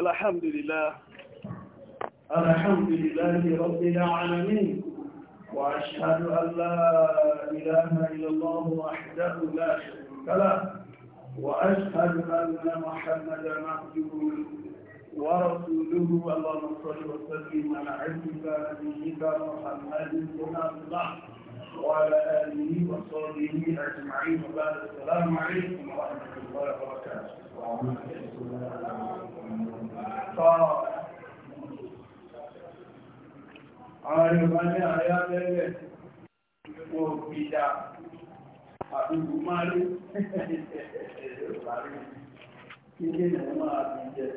الحمد لله الحمد لله رب العالمين وأشهد أن لا إله إلا الله وحده لا شريك له وأشهد أن محمدا عبده ورسوله اللهم صل وسلم على عبدك نبيك محمد بن عبد الله وعلى آله وصحبه أجمعين وبعد السلام عليكم ورحمة الله وبركاته. Àwọn Yorùbá ní àyá lẹ́lẹ̀ wo gbìdá àdúgbò máa rí Yorùbá rí kí ní ẹ̀mọ́ máa bí jẹ́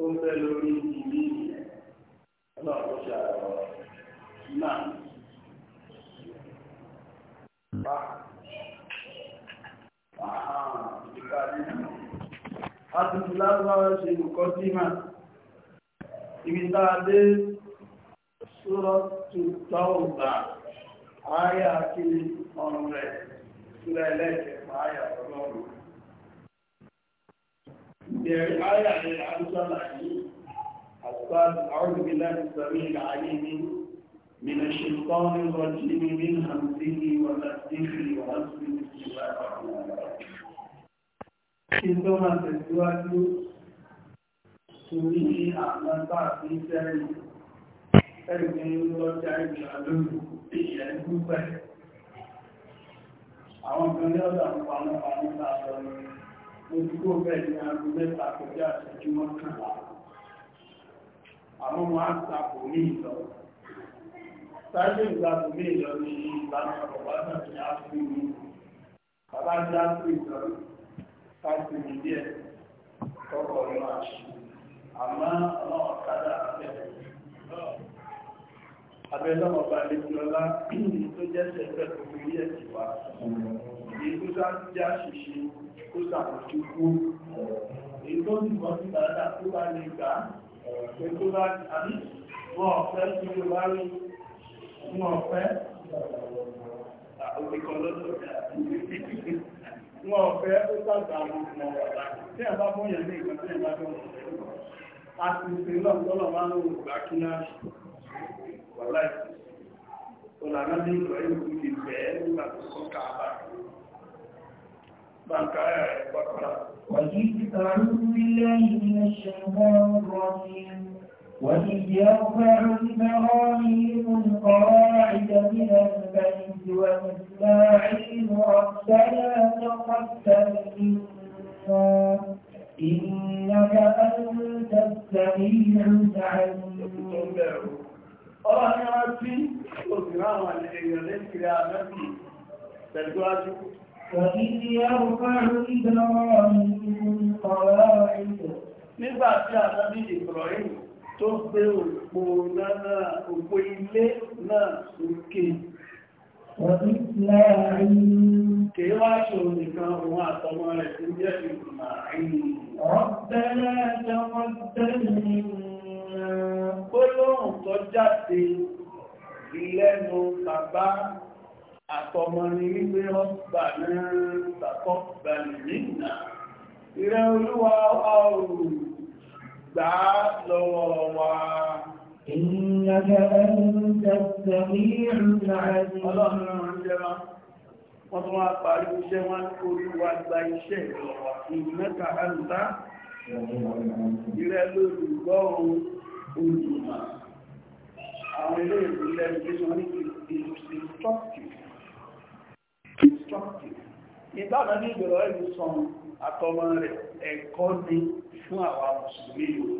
ó fẹ́ lórí ìdí ní ọlọ́pọ̀ ṣàrọ̀ náà. Àtìsí lágbàwà ṣe nǹkan tí máa, ibi táa dé sọ́rọ̀ tó tọ́ọ̀gbà, àáyà kí ọrùn rẹ̀ sílẹ̀ lẹ́kẹ̀ẹ́ àáyà ọlọ́run. Ìbẹ̀rẹ̀ àáyà rẹ̀ àrúsọ́lá yìí, àtìsí من الشيطان الرجيم من همزه ونفسه ونفسه Ìjọ máa tẹ̀síwájú torí àwọn tààbí sẹ́rìn ẹgbẹ̀rún lọ́jà ìgbà lórí ìyẹ̀ gbúgbẹ̀. Àwọn kan ní ọ̀dà ń pa náà ní àjọ ní ojúkó bẹ́ẹ̀ ní aago mẹ́ta kọjá ìṣẹ́jú mọ́kànlá. Àwọn máa ń tapò ní ìlọ́wọ́ sáájú ìgbàgbọ́ mi lọ ní ìlànà ọ̀pá náà ní áfíríkì bàbá ní áfíríkì lọ káàkiri ní díẹ̀ tọkọ ní wàá ṣe àmọ́ ọmọ ọ̀kadà abẹ́ abẹ́ lọ́mọ balẹ̀ ní ọlá tó jẹ́ sẹ́fẹ́ tó fi rí ẹ̀sìn wa èyí tó sá já ṣiṣe kó sàmójú kú èyí tó sì mọ́ sí dáadáa tó bá lè gbà pé tó bá àbí wọn ọ̀fẹ́ tó lè wá fún ọ̀fẹ́ àwòrán lọ́sọ̀dá wọn ọ̀fẹ́ ó sàgbà àwọn ọmọ ọ̀la tí a bá fún ìgbà tí a fún ọ̀fẹ́ a ti ṣe lọ́pọ̀lọ́ máa ń lò gbà kí náà wà láì ọ̀làná ní ìgbà yóò ti bẹ̀ẹ́ nígbà tó kọ́ káàbà bàǹkà ẹ̀ pàpàrà wàyí ti tààrú nílẹ̀ ìrìnàṣẹ́ wọn rọ̀ وإذ يرفع إبراهيم القواعد من البيت وإسماعيل ربنا تقبل منا إنك أنت السميع العليم قال ربي وإذ يرفع إبراهيم القواعد نبعث يا نبي إبراهيم tó gbé òpó náà òpó ilé náà sókè Kèé wá ṣòro nìkan òun àtọmọ rẹ̀ tí jẹ́ ìgbìmọ̀ àìyí. Ọ̀bẹ̀rẹ̀ ẹjọ́mọ́ tẹ́lẹ̀ gbólóhùn tó jáde àtọmọ ni wípé ọgbà náà tàkọ́ gbà nìyí náà. Ìrẹ́ olúwa ọrùn gbà á lọ́wọ́ wa. Ìyàgà ẹ̀ńdà tẹ̀lé ìrìnà ẹ̀dì. Ọlọ́run ránṣẹ́ wá. Wọ́n tún wá parí iṣẹ́ wá ní olúwa gba iṣẹ́ ìrọ̀wà. Ìmẹ́ta ẹ̀ńdà. Ìrẹ́ lólùgbọ́ ohun olùmọ̀. Àwọn ilé ìpínlẹ̀ ìgbésọ̀ ní instructive. Instructive. Ìbára ní ìgbèrò ẹ̀rù sọ àtọmọ rẹ̀ ẹ̀kọ́ ni fún àwọn mùsùlùmí yòókù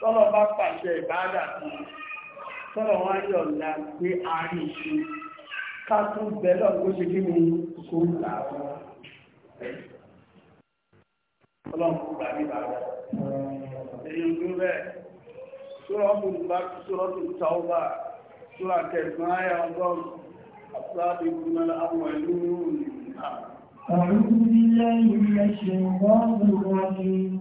tọ́lọ̀ bá pàṣẹ ìbáàdà kan tọ́lọ̀ wọ́n yọ̀ǹda pé a rí ìṣe ká tún bẹ́lọ̀ kó ṣe kí ni kó ń là wọ́n ọlọ́run kò gbà ní ìbáàdà èyí ń bẹ́ẹ̀ sọ́rọ́tún bá sọ́rọ́tún tàọ́bà sọ́rọ̀ kẹsàn-án ayà ọgọ́rùn-ún àti láti ìgbìmọ̀ àwọn ìlú أعوذ بالله من الشيطان الرجيم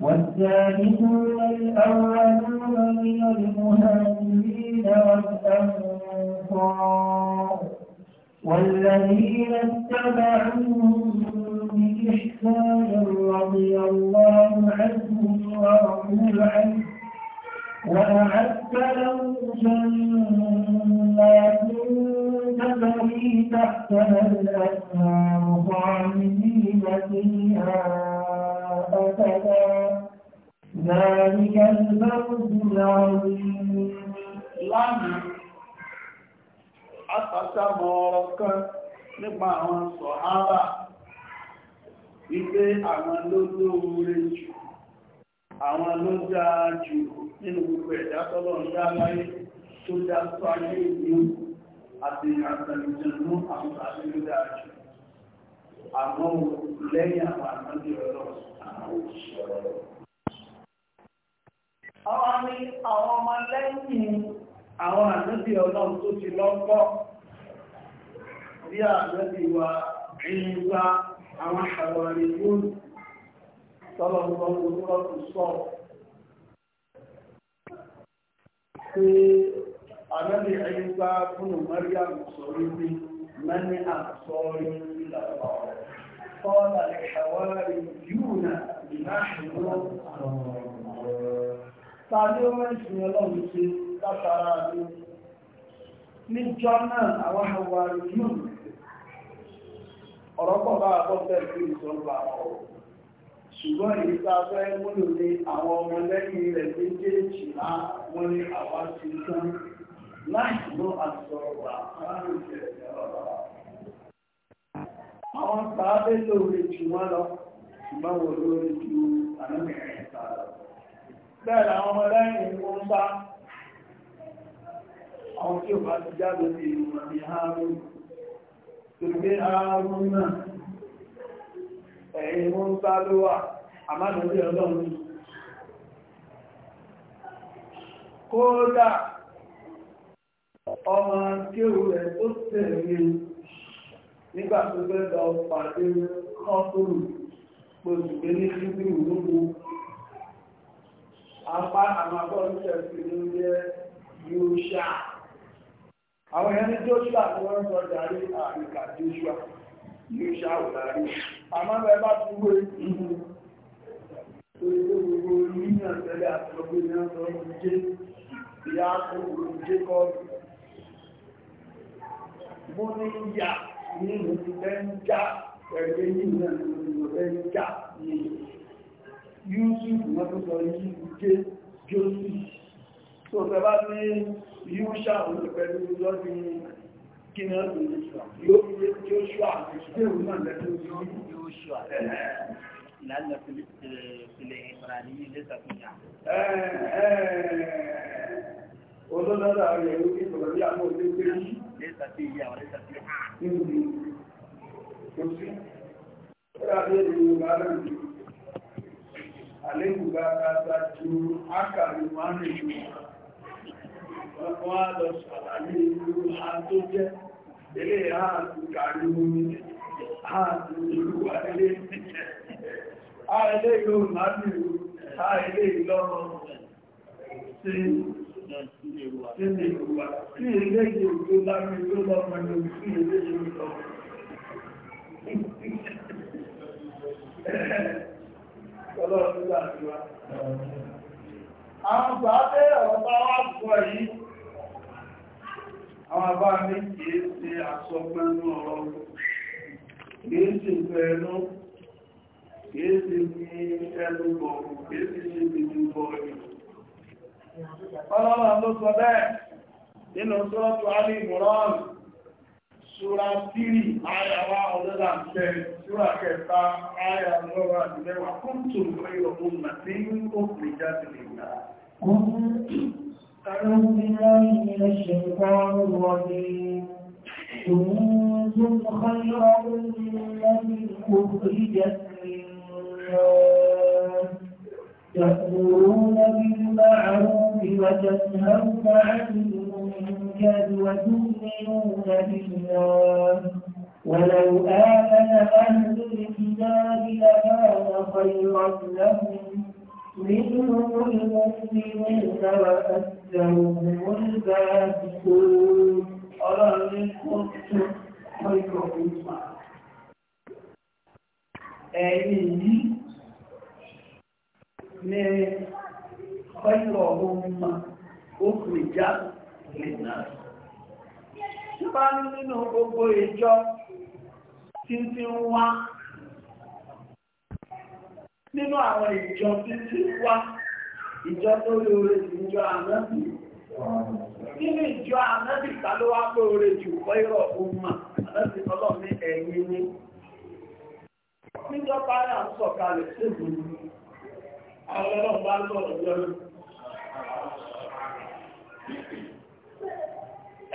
والسابقون الأولون من المهاجرين والأنصار والذين اتبعوهم بإحسان رضي الله عنهم ورضوا عنه وأعد له جنات تجري تحتها الأنهار خالدين فيها أبدا ذلك الفوز العظيم lánàá àtàṣàmọ̀ ọ̀rọ̀ kan nípa àwọn sọ̀hábà wípé àwọn lólóore jù àwọn ló dáa jù nínú gbogbo ẹ̀dá tọ́lọ̀ ń dá láyé tó dá tó ayé ìlú àti àtàlùjẹ̀nú àwọn àti ló dáa jù lẹ́yìn àwọn àmọ́dé ọ̀rọ̀ àwọn òṣìṣẹ́ àwọn ọmọ lẹ́yìn àwọn tó ti bí wa tọ́lọ̀ ń sọ ní lọ́tù sọ pé ànábì ẹ̀yìnbá fúnnù Maryam sọ wípé mẹ́ni àsọ́rí ìlàpá kọ́lá ìṣàwárí yúùnà ìmáṣùgbọ́ ta ni ó mẹ́ ìsìn ọlọ́run ṣe látara ní níjọ́ náà àwọn àwárí yúùnà ọ̀rọ̀ bá àbọ̀ bẹ́ẹ̀ sí ṣùgbọ́n èyí tá fẹ́ múlò ní àwọn ọmọ lẹ́yìn rẹ̀ méjèèjì á wọ́n ní àwa ti tán láì ọ̀rọ̀. àwọn tàbí lóore jù wọ́n lọ ṣùgbọ́n wò lóore lọ. bẹ́ẹ̀ ọmọ lẹ́yìn ń bá àwọn tí ò àmánàbí ọlọ́run kódà ọmọ kéwù rẹ̀ tó tẹ̀lé nígbà tó fẹ́ lọ pàdé kọ́tùrù pòsùgbé ní ṣíbí ìlúgbò apá àwọn akọ́lùsẹ̀ sí ló jẹ́ yóòṣà àwọn èèyàn ní Joshua tí wọ́n ń sọ darí àríkà Joshua yóòṣà ò darí àmọ́ bá túwé ìlú torí pé gbogbo níyàn tẹ́lẹ̀ àtọ́gbé ní ọmọ jẹ́ ìyá kòkòrò jẹ́ kọ́ọ̀dù mo ní ìyà ní ìlú fẹ́ ń já pẹ̀lú níyàn ní ìlú fẹ́ ń já ní yusuf mọ́tòsọ yìí jẹ́ jósì tó tẹ́bá ní yúṣà òun pẹ̀lú lọ́dún kí ni ìṣẹ́ لأن في العبراني ليس كنية olódọ́dọ́ àwọn ẹ̀rọ ní ìsọ̀rọ̀ bí àwọn òṣèré pé ní lẹ́sà tí ìyá àwọn lẹ́sà tí ó hàn nínú ní oṣù ó dàbí èdè yorùbá náà ní àlékùbá kàtà ju ákàrí wọn ní ìlú wọn á ilé ààtù kàrí ha ilé ìlú màálù a ilé ìlọ́rọ̀ sí ilé ìrùwà sí ilé ìlú lámì tó lọ́mọ ní sí ilé ìlú lọ Àwọn bàbá ọ̀pá wà púpọ̀ yìí, àwọn bá méjì ṣe àsọpẹ́nu ọ̀rọ̀, kìí ṣe ìfẹ́ kéèsì ní ẹlùbọ̀ kéèsì ṣe gbogbo bọ̀ rí. Ọlọ́run ló sọ bẹ́ẹ̀ nínú sọ́ọ̀tù Alì Mùrán, Ṣúra Tírì, Ayàwá Ọ̀dọ́dà Ṣẹ́, Ṣúra Kẹta, Ayà Lọ́wọ́ Àdìlẹ́wà, kúntù ìrọ̀ ọmọ tí ó pè jáde lè gbà. Àwọn obìnrin ni ẹ̀ṣẹ̀ ìpàrọ̀ wọlé. Ṣùgbọ́n tó ń kọ́ ìrọ̀ ọmọ ìrìn lẹ́yìn kò rí jẹ́ يأمرون تأمرون بالمعروف وتنهون عن المنكر وتؤمنون بالله ولو آمن أهل الكتاب لكان خيرا لهم منهم المؤمنون وأكثرهم الفاسقون أرى منكم خير ẹ̀yìn yìí ní ọ̀yọ̀ ọmọ òkùn ìjá lẹ́nà tí bá nínú gbogbo ìjọ tí ń wá nínú àwọn ìjọ tí ń wá ìjọ tó lóore ìjọ ànábì nínú ìjọ ànábì tàlówá lóore jù ọ̀yọ̀ ọmọ ànábì níjọba ayà ń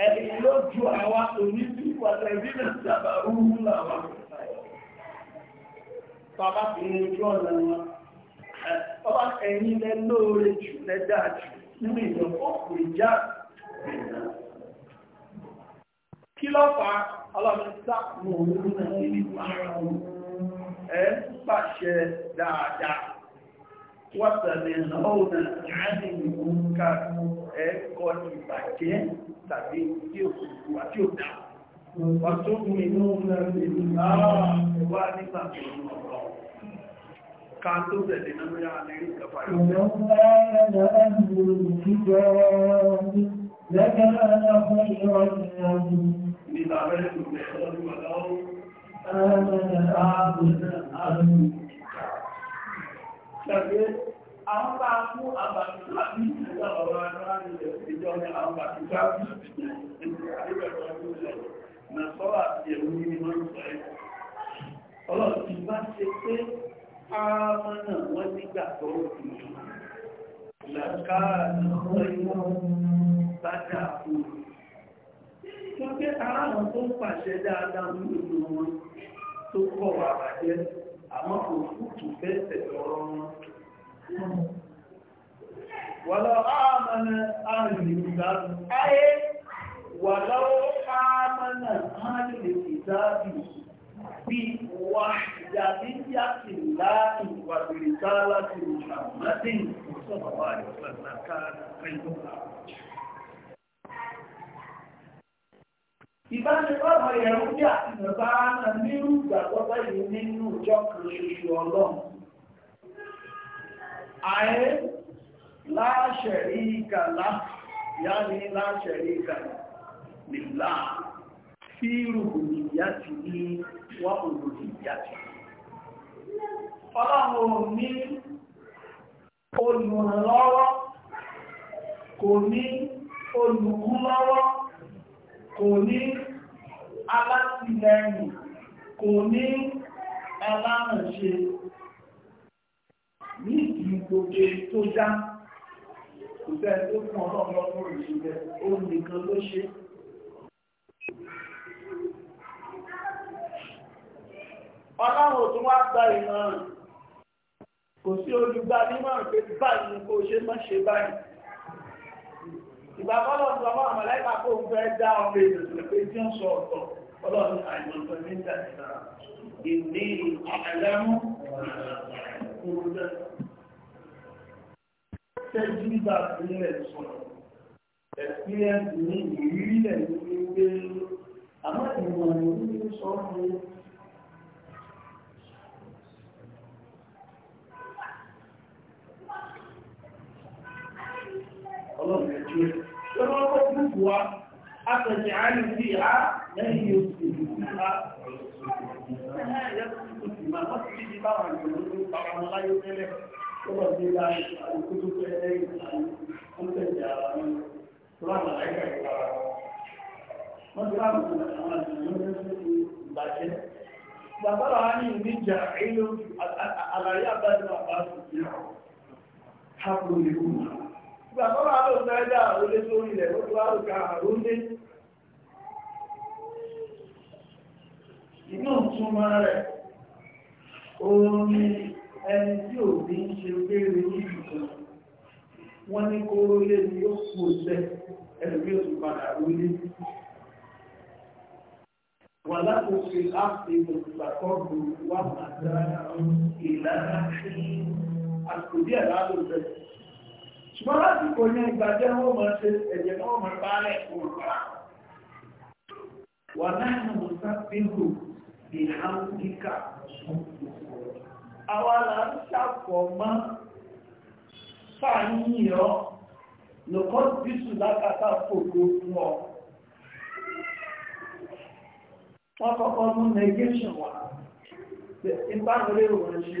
ẹni ló ju àwa òní sí pàtàkìlẹ̀ sábà rúrú làwà bàbá fi ń jọ ọ̀nà wọn ọba ẹ̀yìn lẹ lóore jù lẹ dáa jù nínú kí lọ́pàá mọ̀ ẹ ń pàṣẹ dáadáa wọ́tẹ̀lẹ̀ ọ̀nà ìrìnlẹ̀ òǹkà ẹ̀kọ́ ìbàjẹ́ tàbí tí ó kùkù àti òdá wọ́n tó mú inú Káàtó bẹ̀rẹ̀ nínú ya ní ìkàfà ìwọ̀n. Ìjọba ẹ̀rọ Àwọn bá mú àbàtúwà ní ìjọba ọ̀rọ̀ àjọ́rà ní ìjọba àwọn bàtúwà ní ìjọba àríwẹ̀kọ́ ìjọba na sọ́wà àti ẹ̀rù ní wọ́n ń sọ ẹ̀. Ọlọ́tí bá ṣe pé ààmọ́ náà wọ́n nígbà tó rọ̀tí. Làkáà tó pé ara wọn tó ń pàṣẹ dáadáa ní ìlú wọn tó kọ̀ wà bàjẹ́ àmọ́ kò fútù fẹ́sẹ̀ ọ̀rọ̀ wọn. Wàlọ́ àmàna àrìnrìnàbù ayé wàlọ́ àmàna àrìnrìnàbù bí wà yàbí yàtì láti wàbìrìtà láti Mùsàmùmádìn sọ̀rọ̀ àìsàn àkàrà ẹ̀yọ́. ìbánipọ̀pọ̀ ìrúdí àti bàbá náà nírú ìgbàgbọ́pọ̀ yìí nínú ìjọ kan ṣoṣo ọlọ́run ààrẹ láṣẹ̀rí ìkàlá ìyá ní láṣẹ̀rí ìkàlá nìlá fíìrù ìyá ti ní wọ́n òrò ìyá ti ọlọ́run ní olùrànlọ́wọ́ kò ní alátìlẹ́yìn kò ní alárànṣe ní ìgbòkè tó já kò bẹ́ẹ̀ tó fún ọlọ́pọ̀ ìṣẹ̀lẹ̀ ó nìkan ló ṣe ọlọ́run tó wá gba ìmọ̀ràn kò sí olùgbà nímọ̀ràn pé báyìí kò ṣe má ṣe báyìí ìgbà bọ́lọ̀ tó ọmọ àmàlẹ́kà kó ń fẹ́ dá ọmọ èdè pé tí ó sọ ọ̀tọ̀ ọlọ́run àìmọ̀tọ̀ ní ìdájọ́ ìní àlẹ́mú òwúrọ̀ tẹ́jú nígbà ìpínlẹ̀ sọ̀rọ̀ experience ní ìrírí lẹ̀ ní wípé àmọ́ ìmọ̀ ìrírí sọ́ọ̀rọ̀ kuwa aka ji alin fiha na yi yau su ya su yi kuma masu yi kama layu tele kuma zai da ìgbà tó bá lò náírà olè sórí rẹ̀ ó ti wá lò ká àrùn dé. inú ìtumọ̀ rẹ̀ òun ni ẹni tí ò ní ṣe péré ní ìdìbò wọ́n ní kóró lé ní ó kú òṣẹ́ ẹlùmí òtù padà ẹ̀ láàrùn bẹ̀rẹ̀ ṣùgbọ́n láti kò ní ìgbàjẹ́ wọ́n mọ̀ ṣe ẹ̀jẹ̀ wọ́n mọ̀ bá wà náà mọ̀ na ní áfíríkà àwọn aláṣàpọ̀ wọ́n kọ́kọ́ mú negation wà ìbáwọlé òun ṣe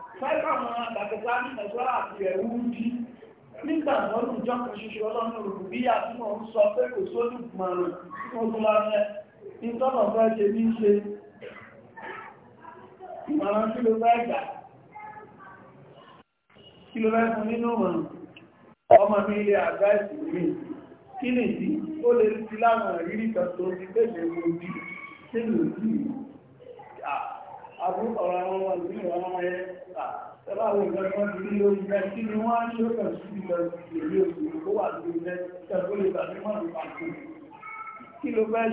fẹ́kàmọ́ àtàkẹta nìtẹ̀sọ́ àti ẹ̀wú jí nígbà lọ́rùn jọ kan ṣoṣo ọlọ́run òrùn bí i àtúmọ̀ ń sọ pé kò sódù mọ̀rùn fún ọdúnlọ́rẹ́ ìtọ́nà fẹ́ ṣe ní ṣe ìmọ̀ràn kí ló fẹ́ gbà kí ló fẹ́ fún nínú mọ̀rùn ọmọ mi ilé àgbá ìsìn mi kí nìdí ó lè ti láwọn ìrírí kan tó ti tẹ̀lé ojú nílùú àbúkọ̀rọ̀ àwọn ọmọ ìlú àwọn ẹ̀ tẹ́lá àwọn ìgbẹ́gbọ́n ti ní orí rẹ̀ kí ni wọ́n á ní ọkọ̀ sí lọ ìlú òṣèlú tó wà lórí rẹ̀ tẹ́gbó lè tàbí mọ́ ní pàtó kí náà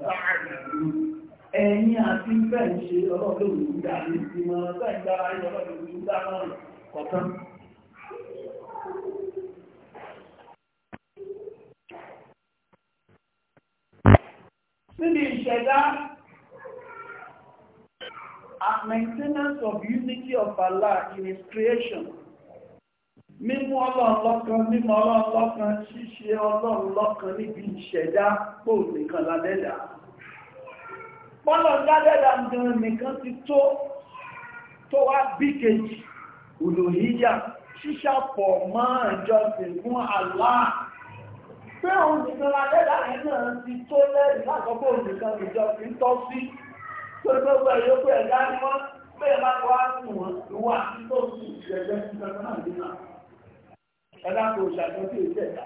sáà ẹ̀yìn àti bẹ́ẹ̀ ń ṣe maintenance of unity of Allah in his creation. Mímú ọlọ́run lọ́kan, mímú ọlọ́run lọ́kan, ṣíṣe ọlọ́run lọ́kan níbi ìṣẹ̀dá pò nìkan ládẹ́dàá pọ́nà dádẹ́dà gan nìkan ti tó tó wá bí kejì olóhíyà ṣíṣàpọ̀ mọ́ ìjọsìn fún Allah pé òun nìkan ládẹ́dà rẹ̀ náà ti tó lẹ́rìí látọ́kọ́ nìkan ìjọsìn tọ́ sí tó gbogbo ẹ̀yọ́kọ́ ẹ̀dá ni wọ́n bẹ́ẹ̀ bá wá sùn wọn ìwà tó sì ṣẹ̀jẹ̀ sí kankan náà ẹ̀dá kò ṣàjọ́ sí ìṣẹ̀dá.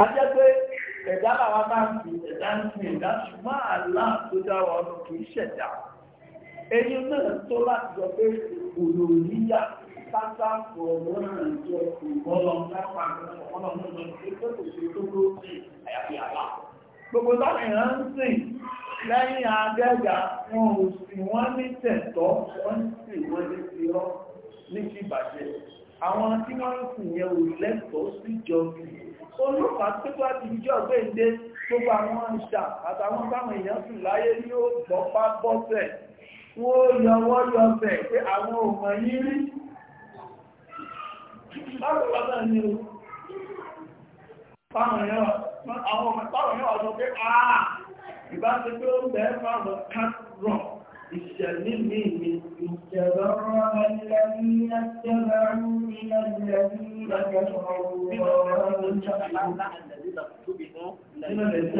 a jẹ́ pé ẹ̀dá làwọn bá ń fi ẹ̀dá ń fi ẹ̀dá ṣùgbọ́n àlá tó dá wa ọdún kìí ṣẹ̀dá èyí náà tó láti sọ pé òlò yíyá pátá fọ̀ọ̀mọ́ náà jọ ìmọ̀lọ́ lápá ọmọ náà lọ sí pé kò sí tó ló sí àyàfi àlá gbogbo táwọn èèyàn ń sìn lẹ́yìn adẹ́gà wọn ò olùfà tó tó láti ìjọ gbéǹde gbogbo àwọn ìṣà àtàwọn táwọn èèyàn sì láyé ní ó gbọ́pá bọ́sẹ̀ wọ́n yọwọ́ yọbẹ̀ pé àwọn òmọ̀ yìí rí láàrùn náà ni ó fáwọn èèyàn wà sọ pé àà ìbá ti pé ó bẹ̀ẹ́ fáwọn kárọ̀ الشمل مين اتبرأ الذين اتبعوا من الذين كفروا تبرأ الذين اتبعوا من الذين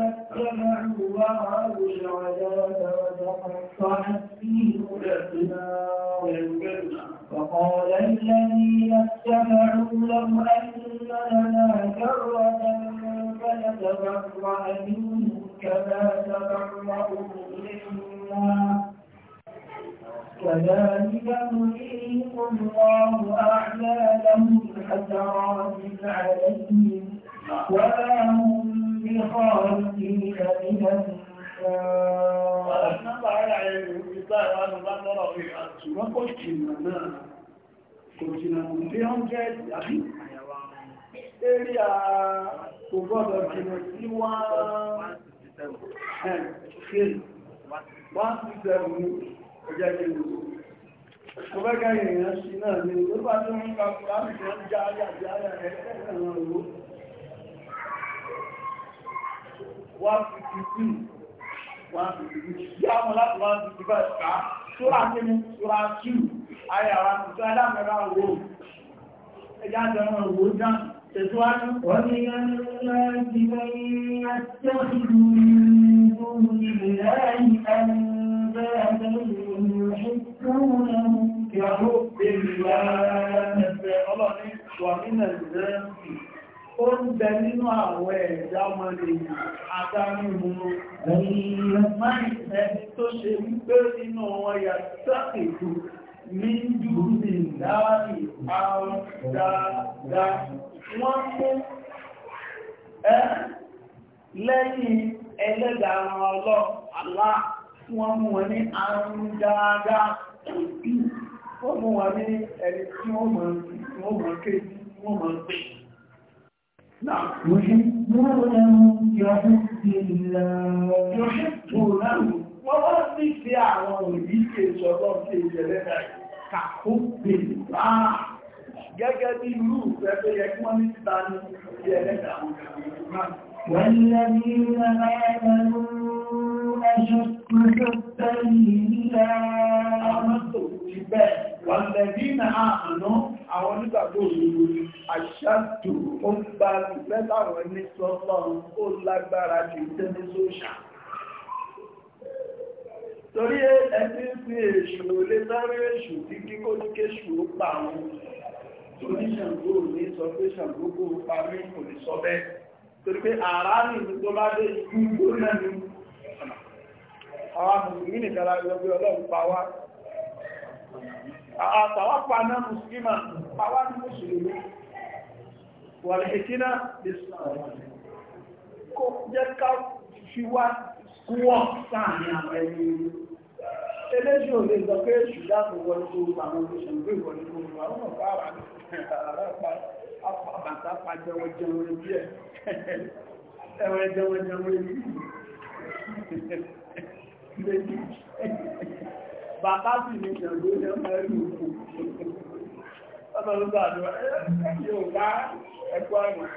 اتبعوا ورأوا العذاب وتقطعت فيهم الأسباب وقال الذين اتبعوا لهم أن لنا كرة يتبرأ منه كما تبرأ منا كذلك نريهم الله أعمالهم حسرات عليهم وما هم بخارجين من النار ولكن الله أن نظر في قلت لنا قلت لنا أخي area kò gbọ́dọ̀ jìnà sí one sixty seven one ọjọ́ ìlú mo fẹ́ kẹ́yìn èèyàn sí náà ní ló bá tó ń ka kùránì tó ń já ayà bí ayà rẹ̀ kẹ́kẹ́ náà ló one sixty two one sixty two yá wọn láti one sixty five ká sóra kí ni sóra two ayà wa tó ẹ̀dá mẹ́ra wo ẹ̀dá mẹ́ra wo dáhùn. ومن الناس من يتخذ من دون الله أندادا يحبونهم كحب الله ومن الناس ó ń bẹ nínú àwọ̀ ẹ̀dá ọmọdé àdáríhun ẹ̀yìn ẹni tó ṣe wípé nínú wọn yà sáàkèkù ní jùlọ ní ìdáwà ìpá dáadáa wọ́n mú ẹ́ lẹ́yìn ẹlẹ́dàá ọlọ́ àlá wọ́n mú wọn ní àrùn dáadáa òbí wọ́n mú wọn ní ẹni tí wọ́n mọ̀ kéjì wọ́n mọ̀ pé Wọ́n wá sí sí àwọn òyíkè ìṣọ́lọ́ sí ìjẹ̀lẹ́dà kàkó bèèrè ráà. Ah! gẹ́gẹ́ bí irú ìfẹ́ tó yẹ kí wọ́n ní títà ní ilé ẹlẹ́dà والذين آمنوا أشد حبا لله والذين آمنوا àwọn onígbàgbọ́ òṣèlú aṣáàtò ó ń bá ìfẹ́ láwọn ẹni sọ́lọ́run ó lágbára jù tẹ́lẹ̀ sóṣà torí ẹni fi èṣù lè sáré èṣù tí kíkó ní kéṣù ó pa àwọn torí ṣàǹgó ní sọ pé ṣàǹgó kó parí kò lè sọ bẹ́ẹ̀ torí pé ààrá ní ìdúgbò bá dé ikú gbóná ní àwọn mùsùlùmí nìkan láti lọ bí ọlọ́run pa àtàwà pa mùsùlùmí pa ní mùsùlùmí wà ní ìkínà kó jẹ́ ká fi wá kúwọ́ sáà ní àwọn ẹni èyí ò lè sọ pé ṣùgbá kò wọlé tó àwọn oṣù ìwọlé tó rúpa ó mọ̀ fáwà jẹun jẹun rí díẹ̀ ẹwẹ́ jẹun jẹun rí méjì bàtà sì ní jẹun jẹun mẹ́rin òkú ọlọ́run bàdúrà yóò bá ẹkọ́ àrùn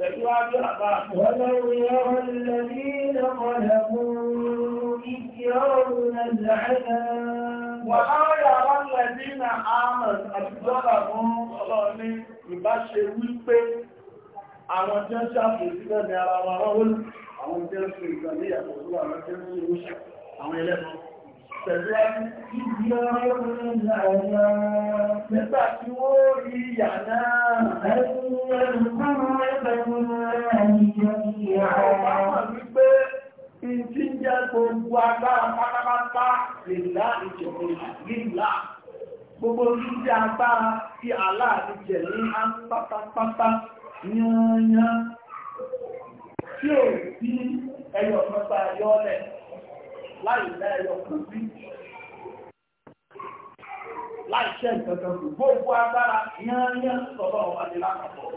ولو يرى الذين ظلموا إذ يرون العذاب وما يرى الذين آمنوا أبدلهم ọlọ́ọ̀ni ìbáṣe wípé àwọn tí ń ṣàpò sílẹ̀ ní ara wọn rọ́wọ́lù àwọn tí ń fi ìgbàlẹ̀ àtọ̀síwà lọ́jọ́ ní oṣù àwọn ẹlẹ́mọ́ tẹ̀síwájú ibi ọrún ìlànà nígbà tí ó rí ìyà náà ẹ̀yìn ẹ̀rùkúrú ẹgbẹ̀rún ẹ̀yìn ìyà ọ̀pá wípé ìtí jẹ́ gbogbo agbára pátápátá lèlá ìjọba lílá gbogbo ìjẹ́ agbára tí aláàrí jẹ̀ ní pátápátá yányá tí ò sí ẹyọ̀ mẹ́ta yọ́lẹ̀ láì lẹ́yọ̀ kan Láì láìṣẹ́ ìkankan kù gbogbo agbára yányán sọ̀rọ̀ ọ̀bàdì lápapọ̀.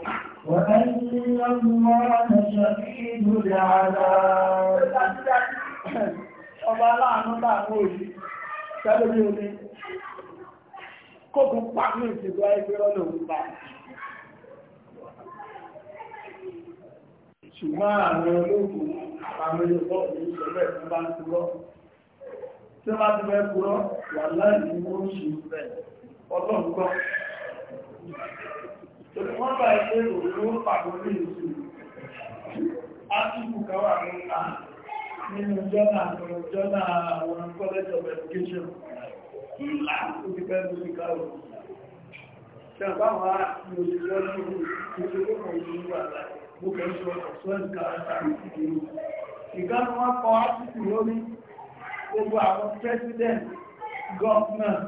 Wọ́n ní ọmọ ọ̀nàṣà bí ìlú rẹ̀ ara. Ọba pa ní ìsìnkú ẹgbẹ́rọ́ lè ń Ṣùgbọ́n àwọn olóògùn tí wọ́n bá ti fẹ́ kúrọ́ wà láìsí wọ́n ṣe bẹ̀ ọlọ́gbọ́ tòbí wọ́n bá ẹgbẹ́ òwúrọ̀ pàdé orí ìsù átíkù káwà ní à nínú jọ́nà àwọn jọ́nà àwọn college of education ńlá tó ti fẹ́ lórí káwọ̀ ṣàbáwà ní òṣìṣẹ́ lórí ìṣòro kan ìlú àlá gbogbo ìṣòro ọ̀ṣọ́ ìkàrà ìgbàlùwọ́n kọ lórí gbogbo àwọn president governor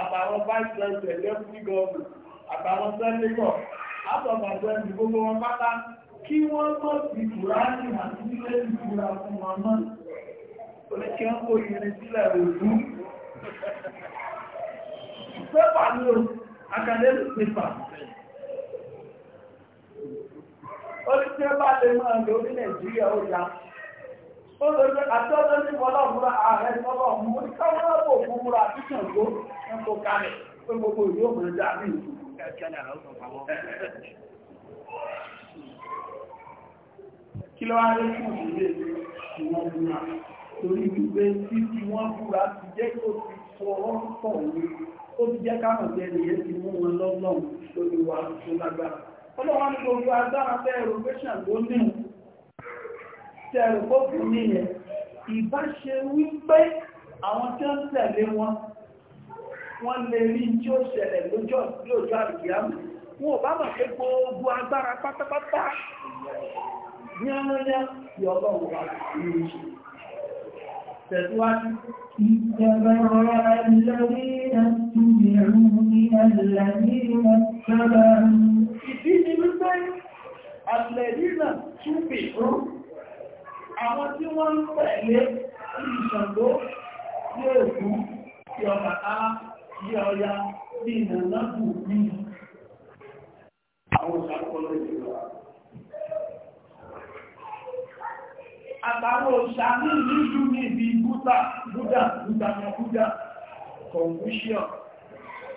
àtàwọn vice president deputy governor àtàwọn senator àtọ̀gbàgbẹ́ ní gbogbo wọn pátá kí wọ́n mọ̀ sí kùránì àti nílé ìfúra fún wọn mọ́ oníkẹ́ ń kó irin sílẹ̀ òjú pépà ní o akadẹ́lù pépà oníkẹ́ bá lè máa lórí Nàìjíríà ó yá ó kí ló wá rí fún ìdílé ìwọ̀n múra torí wípé tí tí wọ́n múra ti jẹ́ kó ti fọwọ́ pọ̀ ní ó ti jẹ́ káwọn jẹ́ nìyẹn ti mú wọn lọ́gbọ̀n lórí wa tó lágbára ọlọ́wọ́n ní gbogbo agbára tẹ̀rùpọ̀pù níyẹn ìbáṣe wípé àwọn tí ó ń tẹ̀lé wọn wọ́n lè rí tí ó ṣẹlẹ̀ lójọ́ lójọ́ àríyámù wọn ò bá mọ̀ pé gbogbo agbára pátápátá yánlọ́yá tí ọlọ́run wà lórí ṣe tẹ̀síwájú ìjẹ̀bẹ̀rọ̀ ẹ̀lẹ́rìnà tí ìrù ní ẹ̀lẹ́rìnà tẹ́lẹ̀ ìdí ni wípé àtìlẹ̀rìnà túbì rú àwọn tí wọ́n ń tẹ̀lé ní ìṣàngó ní Ògún ti Ọbàtálá ní Ọya ní ìnànàbù ní àwọn òṣàkọlẹ̀ ìjọba àtàwọn òṣà ní ìlú ní ibi búta búdà búdà búdà confucian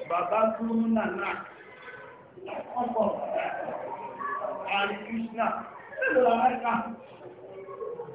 bàbá gúrú nànà ọkọ̀ àrí krishna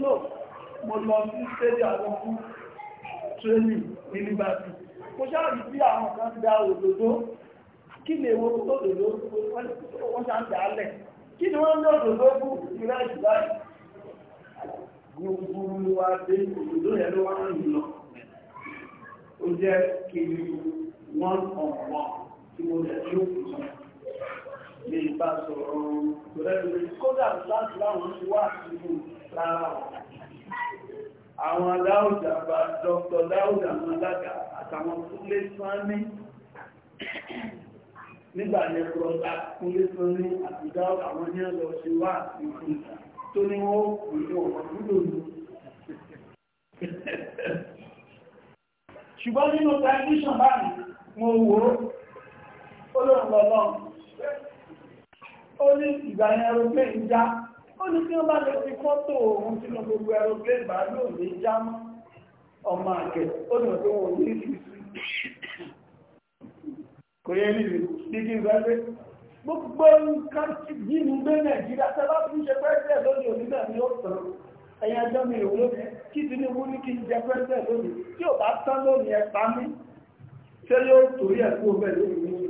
Oslo mo lọ sí stédì àwọn fún tréní ní Liberty mo ṣáàrí bí àwọn kan dá òdòdó kí ni èwo tó òdòdó wọ́n ṣá ń dà á lẹ̀ kí ni wọ́n ń dá òdòdó fún ìrẹ́ ìjùláì gbogbo wa dé òdòdó yẹn ló wá ń lọ ó jẹ́ kiri one on one tí mo lẹ̀ tí ó kù sọ́yà lè bá sọ̀rọ̀ rẹ̀ kódà láti láwọn ti wá síbò lára àwọn aláwùdà bá dr láwùdà mọ́lága àtàwọn kúlé sánmí nígbà yẹn kúrọ̀dá kúlé sánmí àti dáwùdà wọn ní ọ̀lọ́ ṣe wá síbò tó ní wọ́n kò ní ọ̀pọ̀ ṣùgbọ́n nínú tradition báyìí wọ́n wòó olóògbọ́lọ́n ó ní ìgbà aeroplane já ó ní tí wọ́n bá lè fi fọ́tò òun sínú gbogbo aeroplane bá lóò lè já mọ́ ọmọ àkẹ́ ó ní ọdún wọn ní ìlú kò yẹ ní ìlú dídí ìgbàgbé gbogbo nǹkan yìí gbé nàìjíríà sábà fi ń ṣe pẹ́ẹ́sẹ̀ lónìí onígbà ni ó tàn ẹ̀yìn ajọ́ mi ìwúlò kí tinubu ní kí n jẹ pẹ́ẹ́sẹ̀ lónìí tí ò bá tán lónìí ẹ̀ pa mí ṣé yóò torí ẹ̀kú ọbẹ̀ lónìí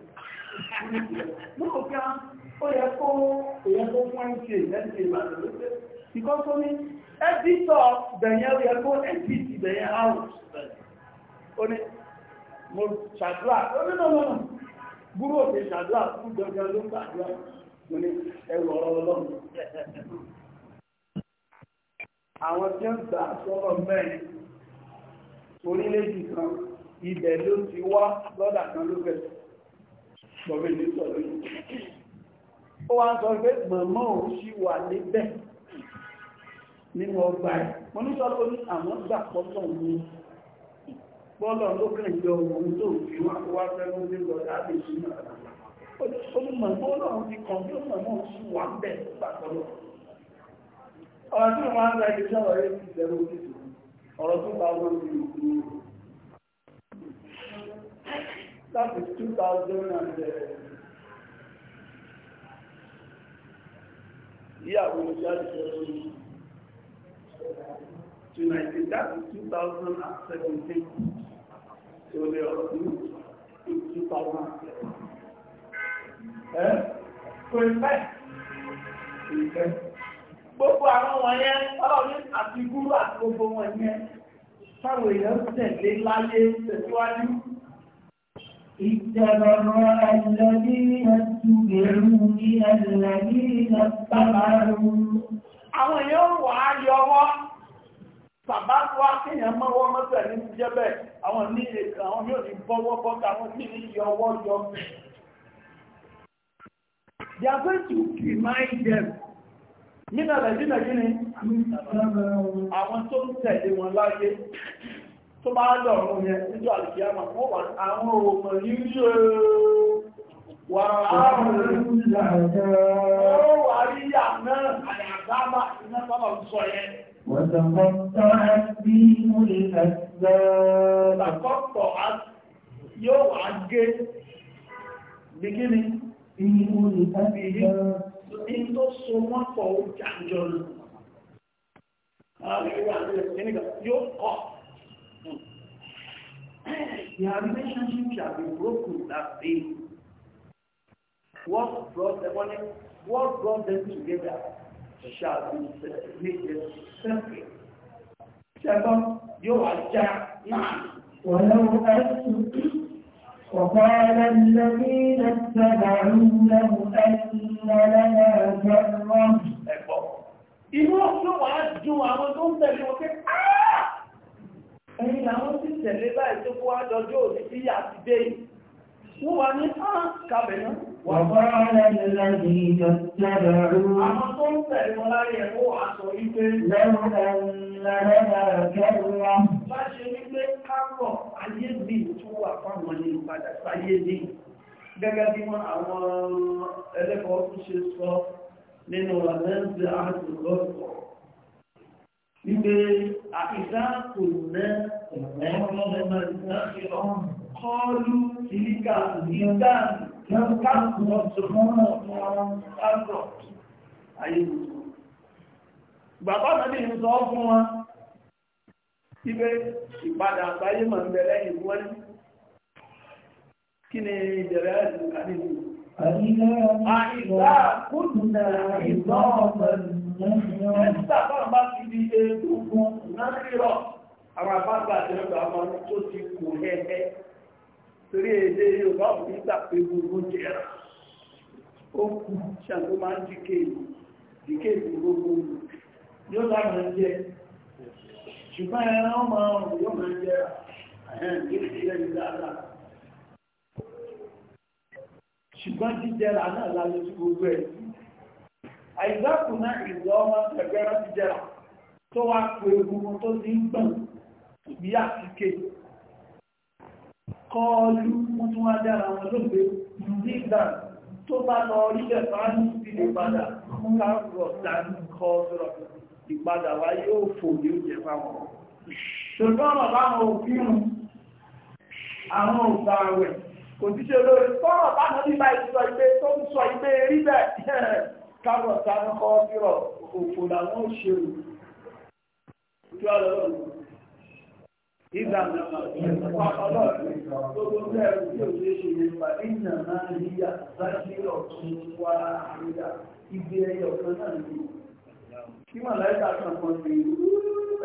Mọ́kò kí á, ó yẹ kó yẹ kó fún ẹ̀ǹkì ẹ̀ǹkì ìbàdàn ló pé. Ìkọ́ tó ní, ẹ́dítọ̀ bẹ̀yẹn ó yẹ kó ẹ́dítì bẹ̀yẹn áwù. Ó ní, mo ṣàdúrà, ó ní lọ́nà náà. Gúrú òkè ṣàdúrà fún gbọ̀ngàn ló ṣàdúrà. Mo ní ẹrù ọ̀rọ̀ ọlọ́run. Àwọn tí ó ń gbà sọ́rọ̀ mẹ́rin orílẹ̀-èdè kan, ibẹ̀ ló ti wá lọ́dà kan ló sọ̀rọ̀ ilé sọ̀rọ̀ ó wá ń sọ pé mọ̀mọ́ ò sí wà níbẹ̀ nínú ọgbà ẹ̀ wọ́n ní sọ́tọ́ ní àwọn gbà pọ́tọ̀ ní bọ́ọ̀lọ̀ ló kàn jọ ohun tó fi wá kó wá fẹ́ mú nílọ láti sí olùmọ̀mọ́ ọlọ́run ti kàn bí olùmọ̀mọ́ sí wà bẹ̀ pàtọ́lọ̀ ọ̀rọ̀ That is 2000 and uh, yeah, we just to That is 2017. So they are due in 2007. Eh? So in fact, in fact, gbogbo àwọn wọ̀nyẹn ọlọ́run àti gúrú àti gbogbo wọ̀nyẹn táwọn èèyàn tẹ̀lé láyé tẹ̀síwájú اتبرأ الذين اتبعوا من الذين اتبعوا àwọn èèyàn wà á yọ ọwọ́ bàbá wa kéèyàn mọ́ ọwọ́ mọ́sẹ̀ ní jẹ́ bẹ́ẹ̀ àwọn ní èkó àwọn yóò ní bọ́wọ́ bọ́ta àwọn sì ní yọ ọwọ́ yọ They are going to remind them nínú ẹ̀lẹ́dínlẹ̀ yìí àwọn tó ń tẹ̀lé wọn láyé tó bá lọ̀rọ̀ yẹn níjọ àlìkíyàmà wọ́n wà àwọn òmò yìí wà wà rí yà náà àyàgbámà iná sábà ń sọ tó so wọ́n pọ̀ ó jàǹjọ́ lọ. Àwọn ìwà àti ẹ̀sìn nìkan yóò kọ̀. Their relationship shall be broken that day. What brought them on it, what brought them together shall be made them separate. Second, you are just man. ولو أسلم وقال الذين اتبعوا له أن لنا كرة. Ìwọ́n ló wàá dùn àwọn tó ń tẹ̀lé wọn pé, "Ah!" ẹ̀yìn làwọn sì tẹ̀lé báyìí tó kó àjọjọ́ òní tí dé wọ́n wà ní án ah, kàbẹ̀ náà wà fọ́rọ̀ lẹ́yìn lẹ́yìn ìjọsẹ̀rọ̀ àwọn tó ń tẹ̀lé wọn lárí ẹ̀kọ́ àṣọ wípé lẹ́rùn lẹ́rùn lẹ́rùn kẹrùn-ún bá ṣe wípé kárọ̀ ayé bí tó wà fáwọn ní ìpadà sáyé ní gẹ́gẹ́ bí wọ́n àwọn ẹlẹ́kọ̀ọ́ ṣe sọ nínú ọ̀lẹ́ǹsì àti lọ́sọ̀rọ̀ wípé àìsá kò nẹ́ Kọ́lú ìlíkà ìgbà káàkùn ọ̀tọ̀mọ́nà ọ̀pọ̀ ayébù. Bàbá Nàbí ń sọ fún wa, ibẹ̀ ìpadà àgbáyé mọ̀ ń bẹ̀rẹ̀ ìwọ́n kí ni ìbẹ̀rẹ̀ ẹ̀sùn kàdínú. Àìsá kúrùnà ìgbọ́ọ̀mọ̀ Nígbà bára bá ti di egungun náà rírọ̀, àwọn àbágbà àtẹ́lẹ́gbà àwọn tó ti kò hẹ́ẹ́ torí èdè Yorùbá ò ní gbà pé gbogbo jẹ́ra. Ó kú ṣàtó máa ń díkè díkè gbogbo yóò láàrín jẹ. Ṣùgbọ́n ẹran máa ń yóò máa jẹ́ra. Àhẹ́ ṣùgbọ́n jíjẹra náà láyé tí gbogbo ẹ̀ àìsáàkù náà ìlú ọmọ ẹgbẹ́rán jíjẹra tó wá pé egungun tó ti ń gbọ̀n ìbí àtìkè kọlu wọ́n tún wá dára wọn lóògbé nígbà tó bá lọ rí ẹ̀fà ní ìdílé padà ká rọ̀ta ní kọ́ rọ̀ ìpadà wá yóò fò yóò jẹ fáwọn ṣùgbọ́n ọ̀rọ̀ láwọn òfin àwọn ògbà rẹ̀ kò sí ṣe lórí nígbà ìsọ ìgbé tó ń sọ ìgbé rí bẹ́ẹ̀ káàbọ̀ sáré kọ́ sírọ̀ òfò làwọn ṣe rò ojú ọlọ́rọ̀ ìdàmà ọlọ́rọ̀ gbogbo bẹ́ẹ̀ tí ò ṣe ṣe lè fà ìnà máa ń yíyà sáṣírọ̀ wá àríyá ibi ẹyọ kan náà ní kí wọ́n láìka kan kan sí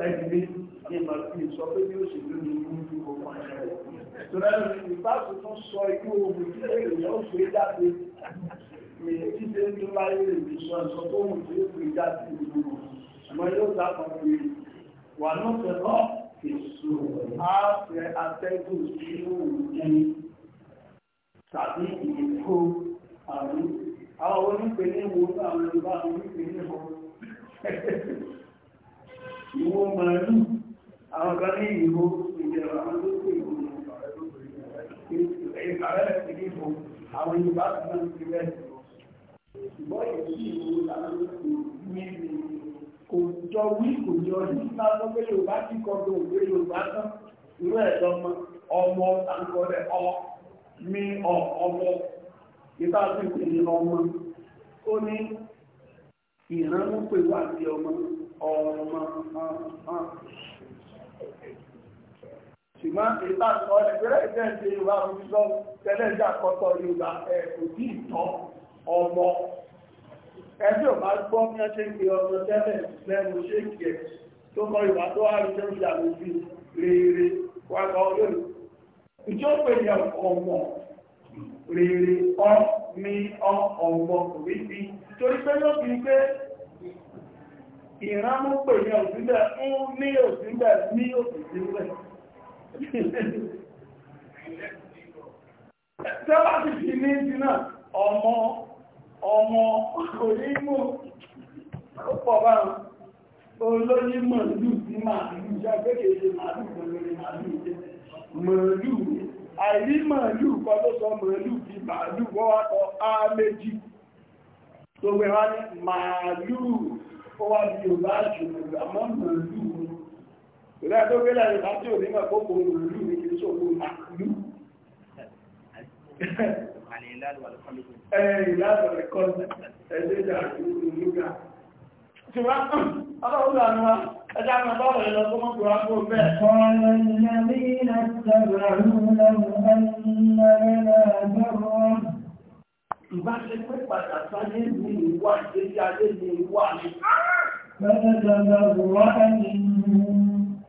ẹgbẹ́ nípa sí pé bí ó ṣe lórí ojú ọmọ ẹ̀rọ Ìtura ìbá tuntun sọ inú omi tí èèyàn ó fi jáde. Mi ti ṣe ń tún láyé èmi sọ ẹ̀sọ́ tó wù tí ó fi jáde nínú wọn. Àmọ́ yóò dábàá pé wà náà fẹ́ lọ èso àfẹ atẹ́gùn sínú òun tàbí ìkó àrùn. Àwọn onípe ní wo àwọn Yorùbá onípe ní wo. màálù àwọn kan ní ìwọ ìjẹ̀rọ àwọn tó ìkàrẹ́ ìdíbò àwọn Yorùbá ti máa ń fi bẹ́ẹ̀ ṣùgbọ́n èyí ìwò làwọn mẹ́rin kò jọ wí kò jọ ní máa lọ pé Yorùbá ti kọ lọ òwe Yorùbá tán irú ẹ̀ lọ́mọ ọmọ àǹkọ rẹ̀ ọ mi ọ ọmọ ìbá sì pè ní ọmọ ó ní ìrànlọ́pẹ̀ wà sí ọmọ ọmọ ṣùgbọ́n ìta sọ ẹgbẹ́rẹ́ ìfẹ́ ṣe yorùbá omi sọ tẹ́lẹ̀ ìjà kọ́tọ̀ yorùbá ẹ̀ kò tí ì tán ọmọ ẹgbẹ́ òbá gbọ́ bí wọ́n ṣe ń pe ọmọ tẹ́lẹ̀ lẹ́nu ṣé kì ẹ̀ tó kọ yorùbá tó wà ní ṣẹ́yìn ìyàwó fi rere wà lọ lónìí ìjọ pé ní ọmọ rere ọ mi ọ ọmọ kò rí bí torí pé ló fi pé ìrànmú pè ní òsínbẹ̀ ń ní òsínbẹ̀ ní òsínbẹ̀ tẹ́wà ti fi ní ìdínà ọmọ ọmọ onímọ̀ pọ̀ bá olóyìnmọ̀ lù sí màálù ṣàgbékè ṣe màálù pẹ̀lú màálù jẹ́ màálù àìrí màálù kọ́ ló sọ màálù bí màálù wọ́n wá kọ á ìlà tó gbé láàrin bá tí ò ní máa kókò olùlú ní kí sókò àlú قال الذين اتبعوا لو أن لنا ذرة ìbá ṣe pé pàtàkì ayé ní ìwà ìgbésí ayé ní ìwà ní.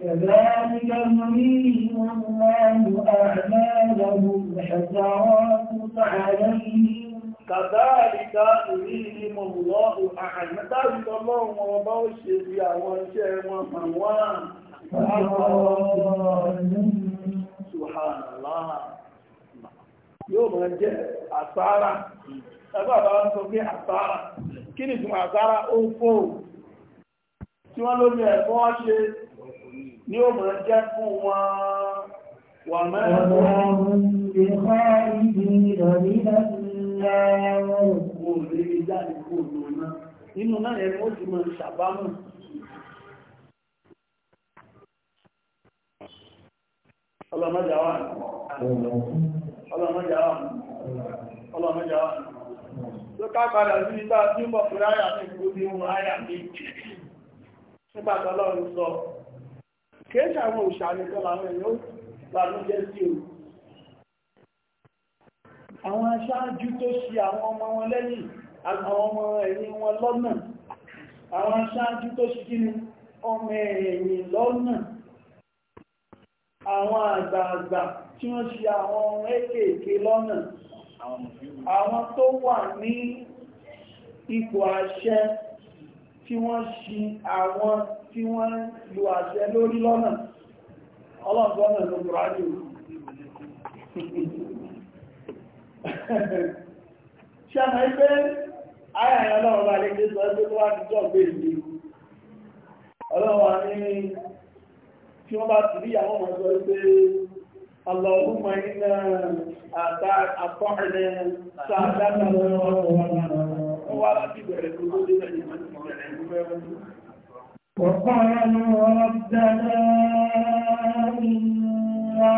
كذلك يريهم الله أعمالهم حسرات عليهم كذلك يريهم الله أعمالهم ذلك الله وبوش في أوانشاء ومنوان سبحان الله يوم جاء jẹ́ àsára ẹgbẹ́ àbára ń sọ pé àsára kí ni ìtumọ̀ àsára ó fóò tí wọ́n ló ní ẹ̀kọ́ ṣe ni ó máa jẹ́ fún wọn wà mẹ́rin nínú náà ẹni ó ti máa ṣàbámù ọlọ́mọdé àwọn ọlọ́mọdé àwọn ọlọ́mọdé àwọn tó ká padà sí nígbà tí ó kéèṣì àwọn òṣàlẹ̀kọ́ làwọn èèyàn bànújẹ́ sí o àwọn aṣáájú tó ṣì àwọn ọmọ wọn lẹ́yìn àwọn ọmọ ẹ̀yìn wọn lọ́nà àwọn aṣáájú tó ṣì kí ni ọmọ ẹ̀yìn lọ́nà àwọn àgbààgbà tí wọ́n ṣì àwọn ọmọ èkèèké lọ́nà àwọn tó wà ní ipò àṣẹ tí wọ́n ṣì àwọn tí wọ́n lo àṣẹ lórí lọ́nà ọlọ́gbọ́nà ló kùránì ṣẹ́nà ipé ayàyà ọlọ́run bá lè gbé sọ ẹgbẹ́ tó wá ti jọ gbé ìlú ọlọ́run ní tí wọ́n bá ti rí àwọn ọmọ sọ pé اللهم إنا أطعنا سادتنا وقالوا ربنا إنا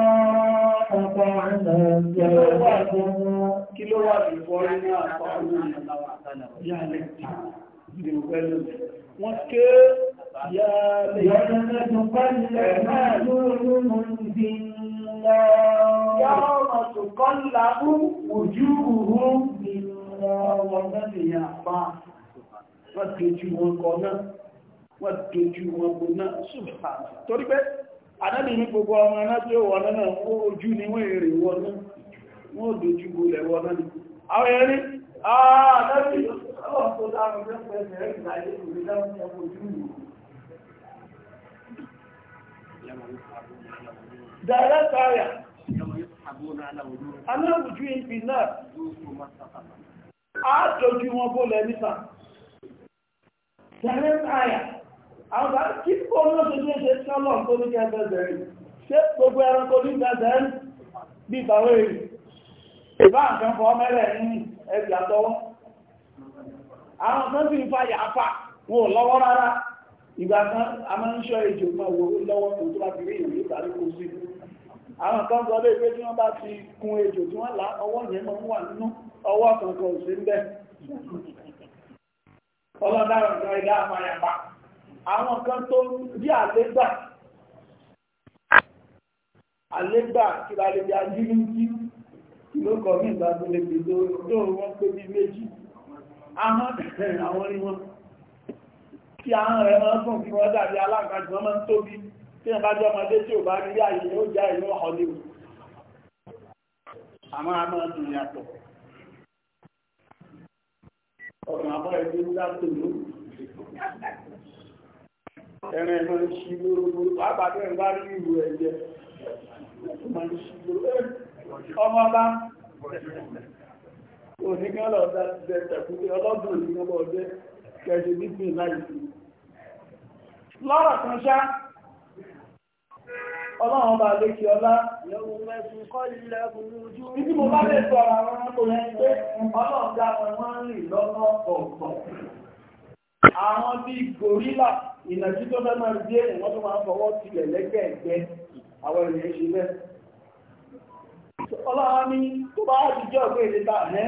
أطعنا جوابنا كيلو واحد فورنا أطعنا يا لك wọ́n ké yọ́nà tó kọ́lẹ̀ máa lóòrò mọ̀sí lọ. Yọ́nà tó kọ́lẹ̀ ojú òhú ìlọ wọ́n náà lè yà pa. Wọ́n ké jù wọn kọ náà. wọ́n dojú wọn bó náà ṣùgbà torí pé àdábì ní gbogbo ọmọ ẹ̀nà tí náà ó ojú ni wọ́n èrè wọ́n náà wọ́n dojú bolẹ̀ wọ́n náà ni àwọn ẹ̀rí àdábì a Direct àwọn bá kí kó ló ti ṣe ṣe sọ́lọ̀ tó ní kẹfẹ́ bẹ̀rẹ̀ ṣe gbogbo ẹranko ní ìgbẹ̀sẹ̀ bí ìbáwẹ̀ rí ìbá nǹkan fọ́ mẹ́rẹ̀ ní ẹgbẹ̀ àtọwọ́ àwọn kan sì ń fa yàáfà wọn ò lọ́wọ́ rárá ìgbà kan a máa ń ṣọ́ èjò máa wo lọ́wọ́ tó tó bá ti rí ìwé ìtàrí kò sí àwọn kan sọ pé tí wọ́n bá ti kun èjò tí wọ́n lá ọwọ́ yẹn máa ń wà nínú ọwọ́ kankan ò sí ń bẹ́ ọlọ́dà ọ̀gá ìdá àwọn kan tó bí àlégbà àlégbà kìlàlẹ̀bí ajínigbí ló kọ̀ ní ìgbàgbọ́lẹ̀ pẹ̀lú tó wọ́n pé bí méjì àwọn rí wọn kí àwọn rẹ̀ máa fún kí wọ́n dàbí alágbàjì wọ́n máa ń tóbi tí wọ́n bá jẹ́ ọmọdé tí ò bá rí àyè ó já ìlú ọ̀lẹ́ àmọ́ àmọ́ dùn yàtọ̀ ọ̀gbọ̀n àbọ̀ ẹgbẹ́ ńlá tó lóòrùn ẹran ẹ̀mọ́ ń ṣí lórógbó pàápàá rí ìrù ẹ̀jẹ̀ ọmọ bá oníkan lọ ọlọ́dún ìgbìmọ̀ ṣá ọlọ́run bá lé kí ọlá àwọn bí gorilla ìnàjú tó fẹ́ máa dé èèyàn tó máa fọwọ́ tilẹ̀ lẹ́gbẹ̀ẹ́gbẹ́ àwọn èèyàn ṣe bẹ́ẹ̀ ọlọ́wọ́ ní tó bá àjíjọ́ pé èdè ta ẹ́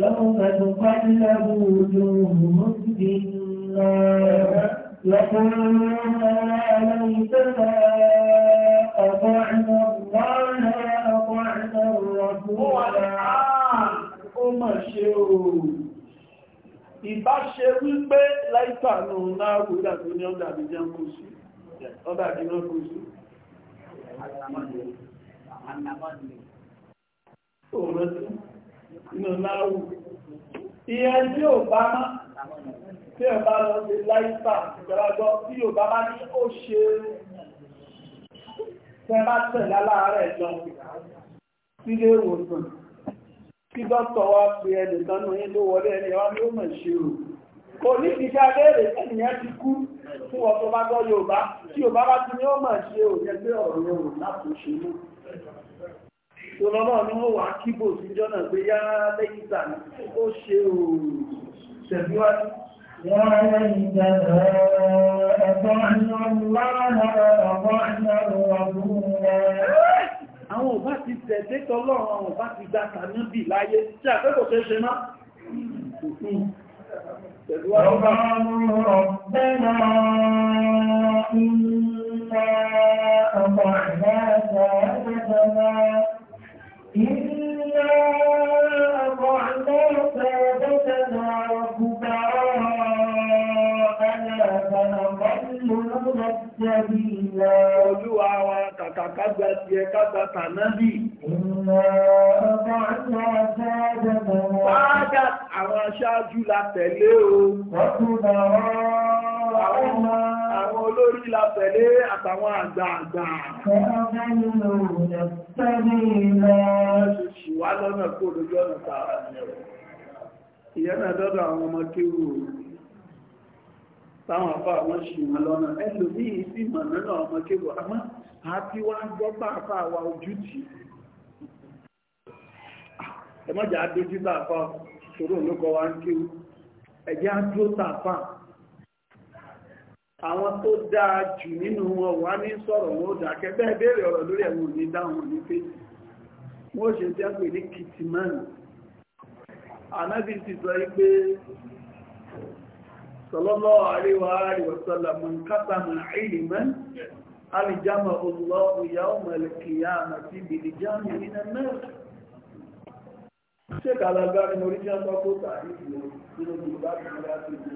yọ́mù pẹ̀lú pẹ́lẹ́bù ojú mọ́sílẹ̀ lọ́pọ̀ ẹ̀rọ ìtẹ́lẹ̀ ọ̀pọ̀ ẹ̀rọ ìbá ṣe wípé láìpà náà láàrù ìdàtí ní ọdá àbíjẹ́ kó sí ọdá àbíjẹ́ kó sí ìyẹn tí ò bá má tí ò bá lọ sí láìpà ìgbàlágbọ́ tí ò bá má ní ó ṣe tẹ́ bá tẹ̀lá láàárẹ̀ lọ sílé ìwòsàn kí dọ́tọ̀ wá pé ẹnìkan nù yí ló wọlé ẹni wá ló mọ̀ ṣe o kò ní ìṣẹ́ abẹ́rẹ́ ènìyàn ti kú fún ọ̀tọ̀ bá gbọ́ Yorùbá tí Yorùbá bá ti ní ó mọ̀ ṣe o yẹ pé ọ̀rọ̀ yẹn ò lápò ṣe mú ìrọ̀lọ́ ni wọ́n wà kíbò sí jọ́nà pé yá lẹ́yìnta ó ṣe òòrùn tẹ̀síwájú. Wọ́n lẹ́yìn jẹ́rọ ẹ̀kọ́ ìyọ́n àwọn ọba ti tẹ̀lé tọ́lọ́run àwọn ọba ti gba tàníbì láyé tí àfẹ́kọ̀ọ́ tó ṣe má Ìrìnà ọ̀pọ̀ àmọ́ ọ̀pọ̀ àmọ́ ọ̀pọ̀ Olúwa wa kàkà kágbà ti ẹ kágbà tànábì. Fáádà àwọn aṣáájú la tẹ̀lé o. Àwọn olórí la tẹ̀lé àtàwọn àgbààgbà. Ṣùwá lọ́nà kó lójú ọ̀nà tààrà ni ẹ̀rọ. Ìyẹ́nà dọ́dọ̀ àwọn ọmọ kéwòrò táwọn àfá àwọn ṣì wọ́n lọ́nà ẹlòmíì sí mọ̀ nínú ọmọ kébù àmọ́ àti wá gbọ́ bá àfá wa ojú tì ẹmọ́jà adójú bá àfá ṣòro olókọ wa ń kéwú ẹ̀jẹ̀ adó tàfà àwọn tó dáa jù nínú wọn wà ní sọ̀rọ̀ wọn ó dákẹ́ bẹ́ẹ̀ béèrè ọ̀rọ̀ lórí ẹ̀wọ̀n ní dáhùn ní fèsì wọ́n ṣe tí a pè ní kìtìmánì anábì ti sọ pé sallallahu alaihi wa alihi wa sallam man qasama ilman alijama Allahu yawma al-qiyamati bil jami min an-nar ṣe kàlàgbà ní original sọ́kó tàbí ìlú yorùbá tó mọ́ra tó ìlú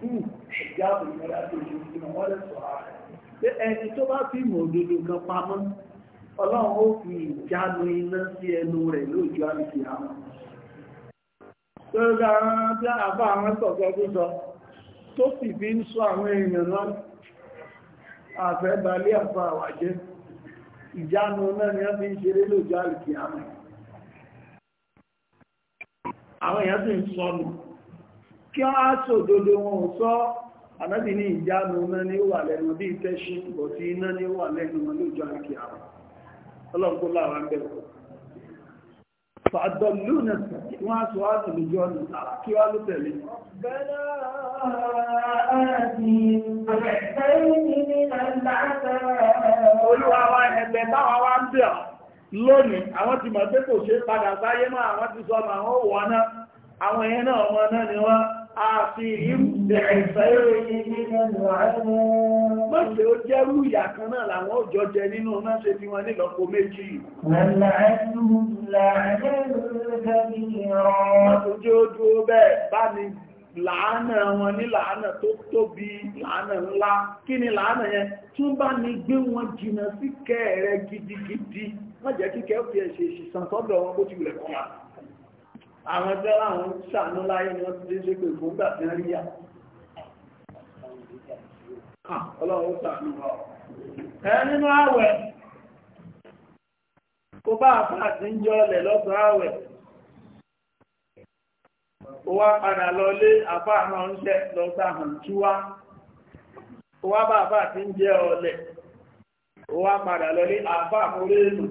hmm, ìlú ìjáàbò mọ́ra tó ìlú ìlú wọ́n lè sọ ààrẹ pé ẹni tó bá fi mọ̀ òdodo kan pamọ́ ọlọ́run ó fi ìjánu iná sí ẹnu rẹ̀ lójú àmì ìhàmọ́ tó dáa bí àbá àwọn sọ̀kọ́ tó sọ tó sì fi ń sọ àwọn èèyàn náà àfẹ́balé àfà àwàjẹ́ ìjánu náà ni fi ṣeré àwọn èèyàn sì ń nù kí wọ́n á sọ ànábì ní ìjánu náà ní wà lẹ́nu bí tẹ́ṣin bọ̀ tí iná ní wà lẹ́nu fàdọ̀lú nà wọ́n á sọ áàtì lójú ọ̀nà tààrà kí wa lónìí àwọn ti mọ̀ pé kò ṣe padà sáyé mọ́ àwọn ti sọ àwọn òwò náà àwọn ẹ̀yẹn náà ọmọ náà ni wọ́n á fi ìrú Mọ́sẹ̀ ó jẹ́rú ìyà kan náà làwọn òjò jẹ nínú náà ṣe bí wọn nílọ́pọ̀ méjì. Mọ́sẹ̀ ó dúró bẹ́ẹ̀ bá ní làánà wọn ní làánà tó tóbi làánà ńlá. Kí ni làánà yẹn? Tún bá ní gbé wọn jìnà sí kẹ́ẹ̀rẹ́ gidigidi. Má jẹ́ kíkẹ́ ó fi ẹ̀ṣẹ̀ ìṣìṣàn sọ́dọ̀ wọn bó ti wùlẹ̀ kọ́ àwọn tẹ́lá àwọn ṣàánú láyé ni wọ́n ti ọlọ́run sàánú wa ẹ nínú ààwẹ̀ kó bá àpá àti ń jọ ọlẹ̀ lọ́sàn àwẹ̀ ó wá padà lọ lé àfáà náà ń tẹ́ lọ́sàn túwá ó wá bá àpá àti ń ọlẹ̀ ó wá padà lọ lé àfáà mórèlù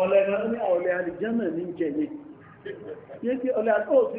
ọlẹ̀ náà ní ọlẹ̀ àlìjẹ́mẹ̀ ní yé kí ọlẹ̀ àti òsì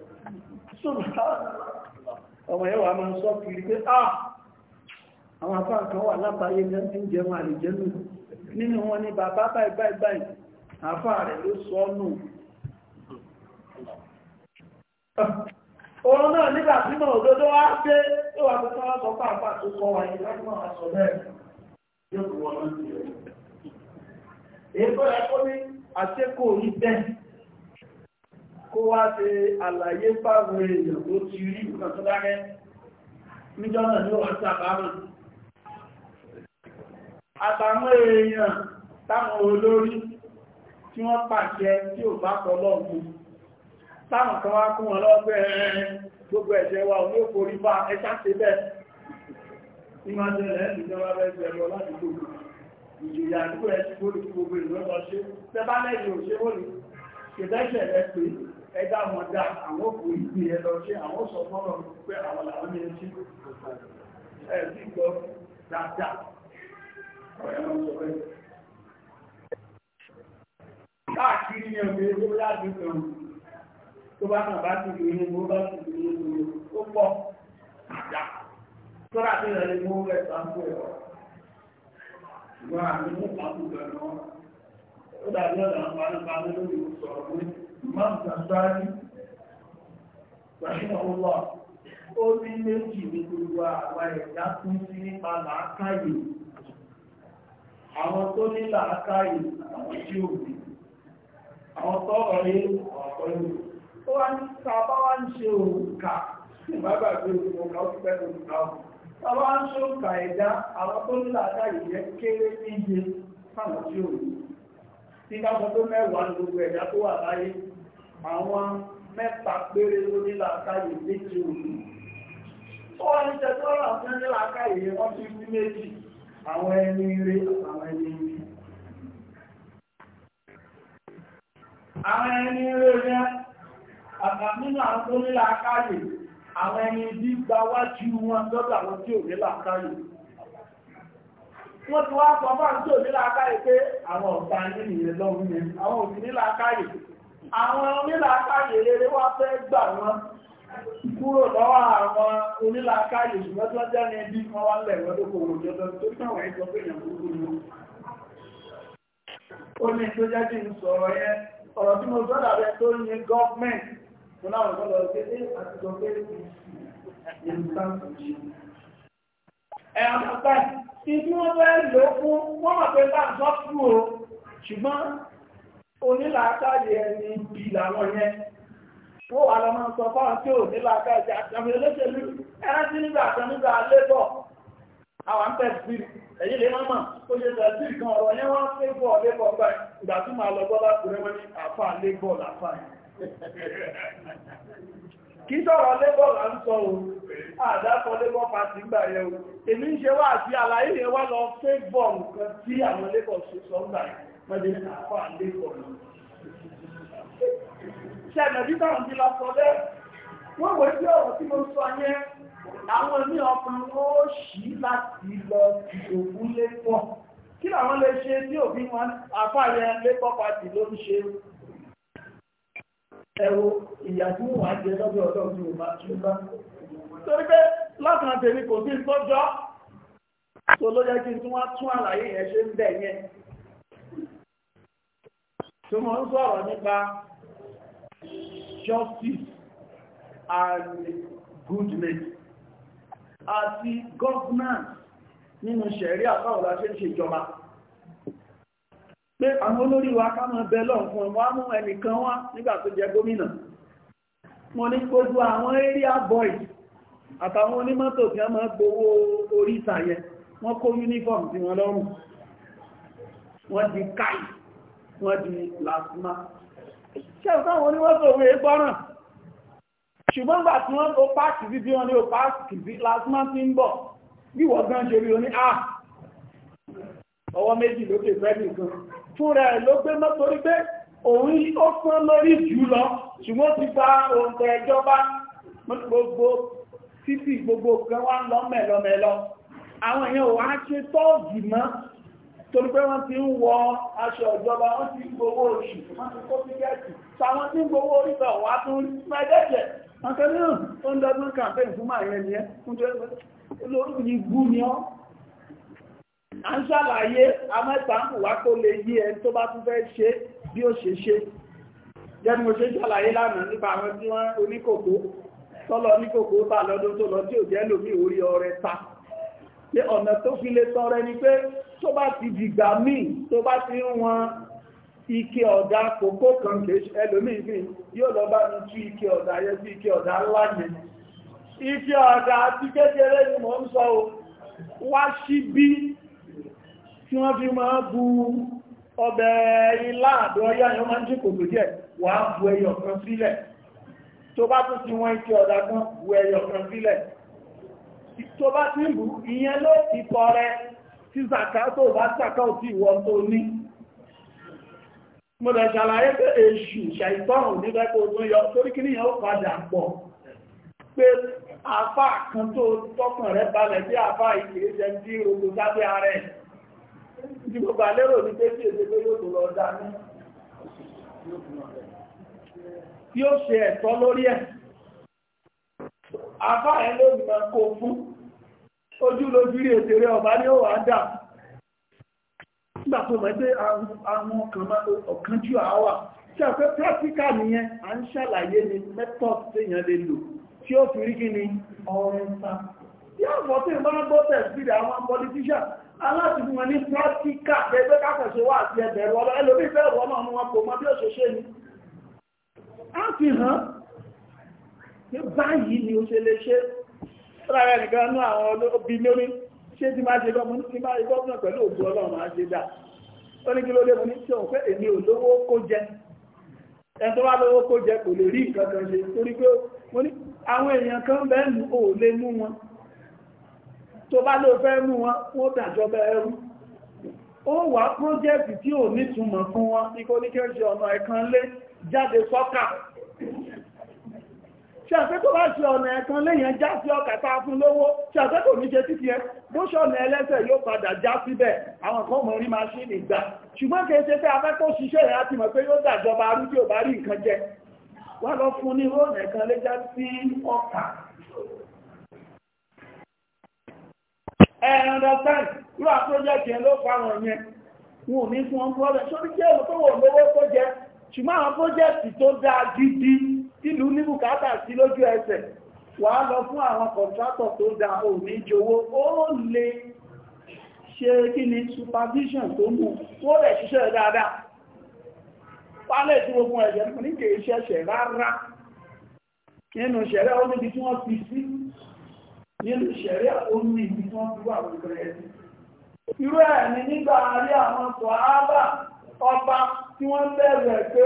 ọmọ ẹwà máa sọ kiri pé ah àwọn afáà kan wà látàyé jẹun àlìjẹ́nù nínú wọn ni bàbá báyìí báyìí báyìí àfáà rẹ̀ ló sọ nù òun náà nígbà tí mọ̀ òdodo wá dé tó wà tuntun kó wá ṣe àlàyé fáwọn èèyàn tó ti rí nǹkan tó dákẹ́ níjọ́ náà ní wọ́n sàbámà àtàwọn èèyàn táwọn olórí tí wọ́n pàṣẹ tí ò bá kọ́ lọ́gbùn táwọn kan wá kún wọn lọ́gbẹ́ gbogbo ẹ̀ṣẹ̀ wa ní òkòrí bá ẹ̀ṣà ṣe bẹ́ẹ̀ ìmọ̀jẹ̀lẹ̀ ìjọba bẹ́ẹ̀ bẹ̀rọ láti gbogbo ìjìyà àdúgbò ẹ̀ ẹ̀dá wọn àwọn kò ìgbé ẹ ṣe àwọn sọ fọ́nà pé àwọn làwọn ní ẹṣí ẹ̀sí gbọ́ dáadáa ọ̀rẹ́mọ̀ káàkiri yẹn fi owó láti kan tó bá kàn bá ti lóyún owó bá ti lóyún owó ó pọ̀ àdá tó rà ìrẹ̀lẹ̀ mú ẹ̀ sáńpù ẹ̀ ṣùgbọ́n àmì mú pàtó gbẹ̀rẹ̀ wọn ó dàbí ọ̀dà àwọn panápaná lórí ìwòsàn ọ̀gbìn Imam Gàmbárí rahimahullah ó ní méjì ní gbogbo àwa ẹ̀dá kún sí nípa làákàyè àwọn tó ní làákàyè àwọn tí ò ní àwọn tọ́rọ rí ọ̀pọ̀ ó wá ní tàbá wá ń ṣe òǹkà ìbágbàgbé òǹkà ó ti pẹ́ òǹkà ó wá ń ṣe òǹkà ẹ̀dá àwọn tó ní làákàyè yẹ kéré níye fáwọn tí ò ní tí ká tó mẹ́wàá ní gbogbo ẹ̀dá tó wà àwọn mẹ́ta péré onílàákàyè méjì òní ó wá ní tẹ́tọ́rọ̀ àwọn onílàákàyè wọ́n ti fi méjì àwọn ẹni ire àwọn ẹni ire àwọn ẹni ire rẹ̀ àtàmínú àwọn onílàákàyè àwọn ẹni bí gbáwájú wọn lọ́dọ̀ àwọn tí ò nílàákàyè wọ́n ti wá sọ fáà tí ò nílàákàyè pé àwọn ọ̀tá nínú ìrẹ̀lọ́run yẹn àwọn òsì àwọn onílàákàyè rere wá fẹ́ gbà wọn kúrò lọ́wọ́ àwọn onílàákàyè ṣùgbọ́n tó jẹ́ ní ẹbí kan wá lẹ̀ wọ́n tó kò wò jọ lọ tó táwọn ìjọ pé èèyàn kúrò ní ó ní tó jẹ́ kí n sọ̀rọ̀ yẹn ọ̀rọ̀ tí mo sọ́dà rẹ tó ní gọ́ọ̀mẹ̀ntì mo láwọn ìjọ lọ sí pé àti jọ pé ìlú sáǹtì ṣe ẹ̀rọ ìgbà tí wọ́n fẹ́ lò fún wọ́n mọ̀ pé bá ń sọ́ fún o ṣùgbọ́n onílàákàyè ẹni bí làwọn yẹn tó wà lọ́mọ sọ fáwọn tí ò nílàákàyè àtàwọn olóṣèlú ẹran tí nígbà kan nígbà lébọ̀ àwọn ń tẹ̀sí èyí lè mọ́mọ́ ó ṣe tẹ̀sí kan ọ̀rọ̀ yẹn wọ́n pé bọ̀ lébọ̀ gbà ìgbà tí màá lọ bọ́lá kúrẹ́ wọn ní àfà lébọ̀ làfà yìí kì í sọ̀rọ̀ lébọ̀ là ń sọ ohun àdápọ̀ lébọ̀ pàtí gbà yẹ ohun èmi ń ṣe wá àti àlàyé wá lọ fẹ́ nǹkan tí àwọn lébọ̀ ṣe sọ ń wọ́n àwọn ẹ̀mí ọkùnrin ó ṣí láti lọ ìṣògùn lépọ̀ kí làwọn lè ṣe tí òbí wọn àpá lépọ̀ pàtì ló ń ṣe ẹ̀wọ̀ ìyà tí wọ́n wá jẹ lọ́dọ̀ ọ̀dọ̀ tí wọ́n bá tún bá torí pé látàn tèmi kò sí tọ́jọ́ tó mọ́ ń sọ̀rọ̀ nípa justice and goodness àti governance nínú ṣẹ̀rí àtàwọn láti ṣe ìjọba pé àwọn olórí wa ká mọ́ bẹ́lọ̀ fún ọmọ mú ẹnìkan wá nígbà tó jẹ gómìnà wọ́n ní gbogbo àwọn area boys àtàwọn onímọ́tò tí a máa gbowó orí ìtàyẹ wọ́n kó uniform tí wọ́n lọ́rùn wọ́n di káì wọ́n di plasma ṣẹ́rù táwọn oníwọ́sọ̀ owó ẹgbọ́ràn ṣùgbọ́n gbà tí wọ́n tó páàkì sí bí wọ́n ní o páàkì sí plasma ti ń bọ̀ bí wọ́n gan ṣe rí o ní à ọwọ́ méjì lókè fẹ́ẹ̀lì kan fún rẹ̀ ló gbé mọ́ torí pé òun ó fún lórí jù lọ ṣùgbọ́n ti gba òǹtẹ̀ ìjọba gbogbo títì gbogbo kan wá ń lọ mẹ́lọmẹ́lọ àwọn èèyàn wá ṣe tọ́ọ̀gì mọ́ torí pé wọ́n ti ń wọ aṣọ ìjọba wọ́n ti gbowó oṣù wọ́n ti kó tíkẹ́ẹ̀tì sáwọn tí ń gbowó orí bẹ̀ wá tún mẹ́jẹ̀jẹ̀ nǹkan náà ó ń dọ́gbọ́n campaign fún màá yẹn ni ẹ́ fún tó lórí ìgbú ni ọ́ à ń ṣàlàyé amẹ́sàmù wá tó lè yí ẹni tó bá tún fẹ́ ṣe bí ó ṣe ṣe jẹ́nu mo ṣe ṣàlàyé lánàá nípa àwọn tí wọ́n oníkòkó tọ́lọ oníkòkó bá lọ́dún tó lọ tí ò jẹ́ lómi orí ọrẹ ta pé ọ̀nà tó fi lè tọrẹ ni pé tó bá ti dìgbà míì tó bá ti ń wọn ike ọ̀dà kòkó kan kìí ẹlòmíì mi yóò lọ bá mi tú ike ọ̀dà yẹn sí ike ọ̀dà ńlá ike ọ̀dà àti kékeré ni mò ń sọ o wá síbí tí wọ́n fi máa bu ọbẹ̀ ilá àdó ọyá yẹn máa ń jí kòkò díẹ̀ wà á bu ẹyọ kan sílẹ̀ tó bá tún ti wọ́n ike ọ̀dà kan bu ẹyọ kan sílẹ̀ tó bá ti ń ìyẹn ló ti tọrẹ tí zaka tó bá zaka ò tí ìwọ tó ní mo lè ṣàlàyé pé èṣù ṣàìtọ́rùn nígbà tó tó yọ torí kí níyàn ó padà pọ̀ pé afá kan tó tọkàn rẹ balẹ̀ bí afá ìkèrèjẹ tí ogun sábẹ́ ara ẹ̀ tí mo bà lérò ní pé tí èdè pé yóò tó lọ dání tí ó ṣe ẹ̀tọ́ lórí ẹ̀ afá ẹ̀ ló máa kó fún ojú lójú rí ètè rẹ ọ̀bá ní òwà dà nígbà tó mọ̀ pé àwọn ọ̀kan jù àwà tí a fẹ́ pẹ́tíkà nìyẹn a ń ṣàlàyé ni method téèyàn lè lò tí ó fi rí kí a fọ́ tí ìbára gbọ́ tẹ̀sí rẹ̀ àwọn politician aláti fún wọn ní pẹ́tíkà ẹgbẹ́ kákẹ̀ṣe wà àti ẹgbẹ̀rún ọlọ́ ẹlòmí fẹ́ wọ́n náà wọn kò mọ bí ó ṣe ṣe ni a fi hàn pé báyìí ni ó ṣe lè ṣe tọ́lára ẹnìkan ní àwọn obì lórí ṣé tí máa ṣe gọ́ọ̀mù tí máa ṣe gọ́ọ̀mù pẹ̀lú òbí ọlọ́run máa ṣe dà ó ní kí ló dé mo ní tí òun pé èmi ò lówó kó jẹ ẹni tó bá lówó kó jẹ kò lè rí nǹkan kan ṣe torí pé mo ní àwọn èèyàn kan bẹ́ẹ̀ mú ò lè mú wọn tó bá ló fẹ́ mú wọn wọ́n dàjọ́ bẹ́ẹ̀ rú ó wà pírójẹ́ẹ̀tì tí ò nítumọ̀ fún wọn ní ní kí ṣe àfẹ́ tó bá ṣe ọ̀nà ẹ̀kan léyìn já sí ọkà tá a fún lówó ṣe àfẹ́ ní ṣe títí ẹ bó ṣọ̀nà ẹlẹ́sẹ̀ yóò padà já síbẹ̀ àwọn kan mọ̀ rí máṣíìnì gbà ṣùgbọ́n kìí ṣe pé afẹ́ ṣiṣẹ́ rẹ̀ á mọ̀ pé yóò dàjọba arú ò bá rí nǹkan jẹ wá lọ fún ní fa yẹn wọn ò ní fún ìlú ní bùkátà sí lójú ẹsẹ̀ wà lọ fún àwọn kọ̀ntrátọ̀ tó dá òní jowó ó lè ṣe kí ni supervision tó mú ó rẹ̀ ṣiṣẹ́ dáadáa pálẹ̀ tí ó fún ẹ̀ṣẹ̀ ní kèé ṣẹ̀ṣẹ̀ rárá nínú ṣẹ̀rẹ́ ó níbi tí wọ́n fi sí nínú ṣẹ̀rẹ́ ó ní ibi tí wọ́n fi wà lókèrè ẹ̀sìn irú ẹ̀ ni nígbà rí àwọn sọ̀hábà ọba tí wọ́n bẹ̀rẹ̀ pé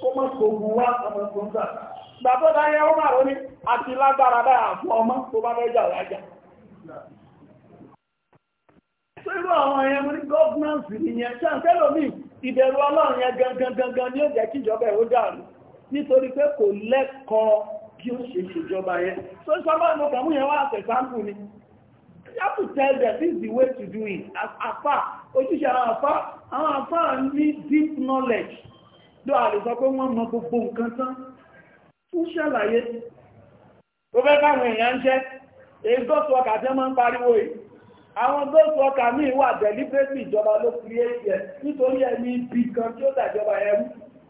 kó mọ́ kògùn wá ọmọ kògùn gbàtọ́ dáyẹ ó màrún ní àti lágbára dáyà fún ọmọ tó bá mẹ́jà lájá tó irú àwọn ẹ̀yẹn mú ní gọ́ọ̀nànsì nìyẹn ṣàǹtẹ́lò mi ìbẹ̀rù ọlọ́run yẹn gangan gangan ni ó jẹ́ kí ìjọba ẹ̀rọ dàrú nítorí pé kò lẹ́kọ̀ọ́ bí ó ṣe ṣèjọba yẹn tó sọ́mọ́ ìmọ̀ kàmú yẹn wá àtẹ̀sáǹpù ni you have to tell them this is the way to do it as afa ojúṣe àwọn afa àwọn afa ní deep knowledge ló àlè sọ pé wọ́n mọ gbogbo nǹkan tán ń ṣàlàyé tó fẹ́ káwọn èèyàn ń jẹ́ èyí gọ́ọ̀sù ọkà jẹ́ máa ń pariwo yìí àwọn gọ́ọ̀sù ọkà míì wà deliberately ìjọba ló create ẹ̀ nítorí ẹni ibi kan tí ó dàjọba ẹrú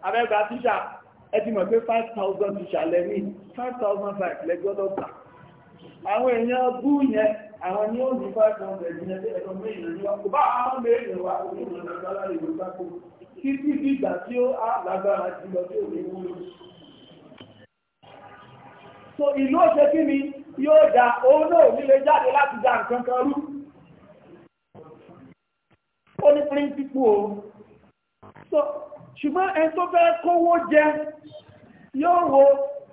abẹ́gbà tíṣà ẹ ti mọ̀ pé five thousand tíṣà lẹ́mí five thousand five lẹ́gbọ́dọ̀ gbà àwọn èèyàn bú yẹn àwọn ní ó ní five hundred yẹn tí ẹ̀rọ mẹ́rin ní wọn kò bá àwọn mẹ́rin wa òun ní wúlò so ìlú òṣè kí ni yóò dá òun náà nílé jáde láti dá nǹkan kan rú ó ní píríncípù o so ṣùgbọ́n ẹni tó fẹ́ kówó jẹ yóò wo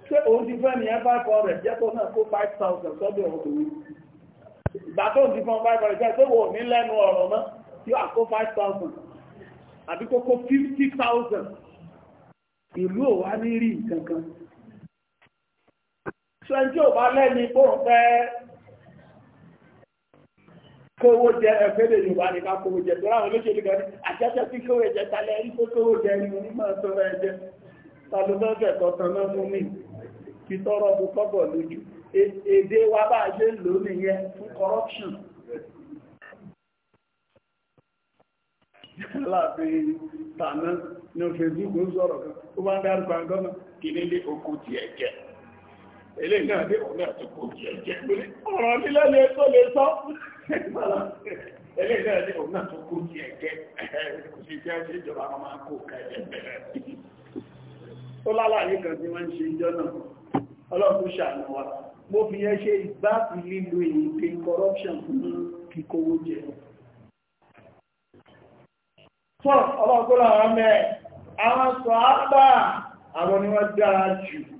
ṣé òun ti fẹ́ ní five hundred jẹ́ kó náà kó five thousand sọ́dọ̀ òun òun ìgbà tó ti fún five hundred jẹ́ pé wò ní lẹ́nu ọ̀rọ̀ mọ́ yóò àkó five thousand àbí kó kó fifty thousand ìlú ò wá ní rí nǹkan kan ṣẹ́ntí ò bá lẹ́ni bóhùn fẹ́ kówó jẹ ẹ̀fẹ́lẹ̀ yorùbá ní ká kówó jẹ tọ́lá àwọn olóṣèlú kan ní àjẹ́jẹ́ tí kówó jẹ talẹ̀ rí tó kówó jẹ ní onímọ̀ tọrọ ẹ̀jẹ́ talọ́fẹ́fẹ́ tọ́tàn náà mú mi fi tọrọ bu e, ń sọ̀rọ̀ kan ó bá ń dárúkọ àgọ́nà kì ní ilé okùn tiẹ̀ jẹ́ ele náà ní ọ̀nà tó kò jẹ́ jẹ́ lórí ọ̀rọ̀ nílẹ̀ lè tó lè sọ ilé náà ọ̀nà tó kò jẹ́ jẹ́ sí jẹ́ sí ìjọba ọmọ akó kẹjẹ bẹ̀rẹ̀ tó lálàyé kan tí wọ́n ń ṣe ìjọ náà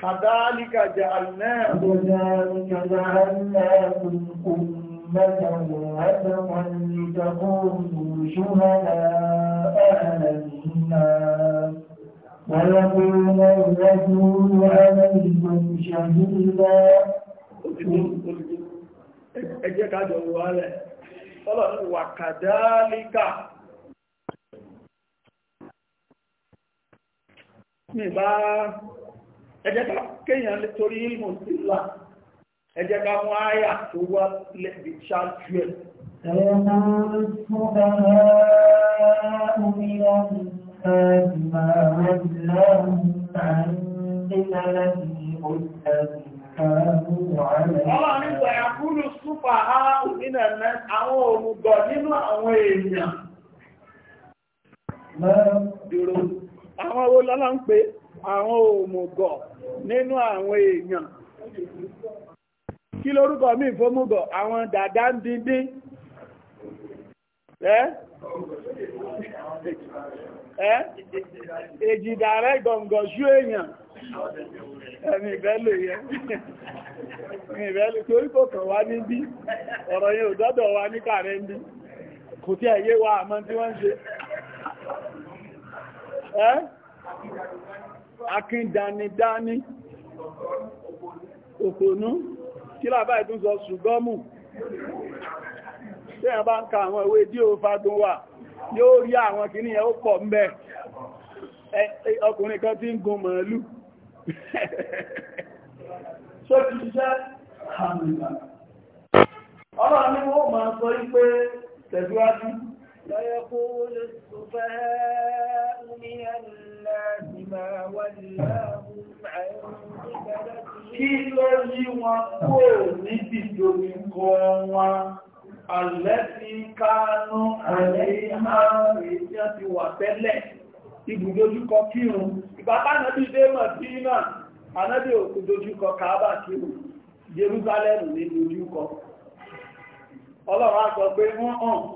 kàdálíkà jẹ́ àìmẹ́ أمة وعزقا لتكونوا شهداء على الناس ويكون الرسول عليكم شهيدا Ẹ jẹ́ ká jọ wà rẹ̀, ọlọ́run wà kàdálíkà. Mi bá ẹ jẹ́ ká kéèyàn torí ìmọ̀ sí là ẹ jẹ́ ká mú àyà tó wá ṣáájú súpà á òmìnà àwọn nínú àwọn èèyàn. àwọn ń pè é. àwọn òmùgọ̀ nínú àwọn èèyàn kí lórúkọ mí fómùgọ̀ àwọn dàdá ń dị. ẹ́ ẹ́ èjìdàrẹ́ gọ̀ǹgọ̀ ṣú èèyàn ẹ̀mì ẹ̀mì torí kò kàn ní níbí kò akíndánidání òpònú kí lábá ìtún sọ ṣùgbọ́mù tí a bá ń ka àwọn ìwé tí ó fàdún wà yóò rí àwọn kìíní ẹ̀ ó pọ̀ mẹ́ ọkùnrin kan tí ń gun màálù ṣe ti ṣiṣẹ́ ọlọ́run ni wọ́n máa sọ wípé tẹ̀síwájú ويقول السفهاء من الناس ما ولاهم عن Kí ló yí wọn kó níbi ìdòmíkọ wọn? Àlẹ́ ti kánú àlẹ́ ìhá rèé tí wọ́n ti wà tẹ́lẹ̀. Ibùdójúkọ kírun. Ìgbàpá ànábì dé mọ̀ sí náà, ànábì òkú dojúkọ Kàábà kírun. Jerúsálẹ́mù ní dojúkọ. Ọlọ́run á sọ pé wọ́n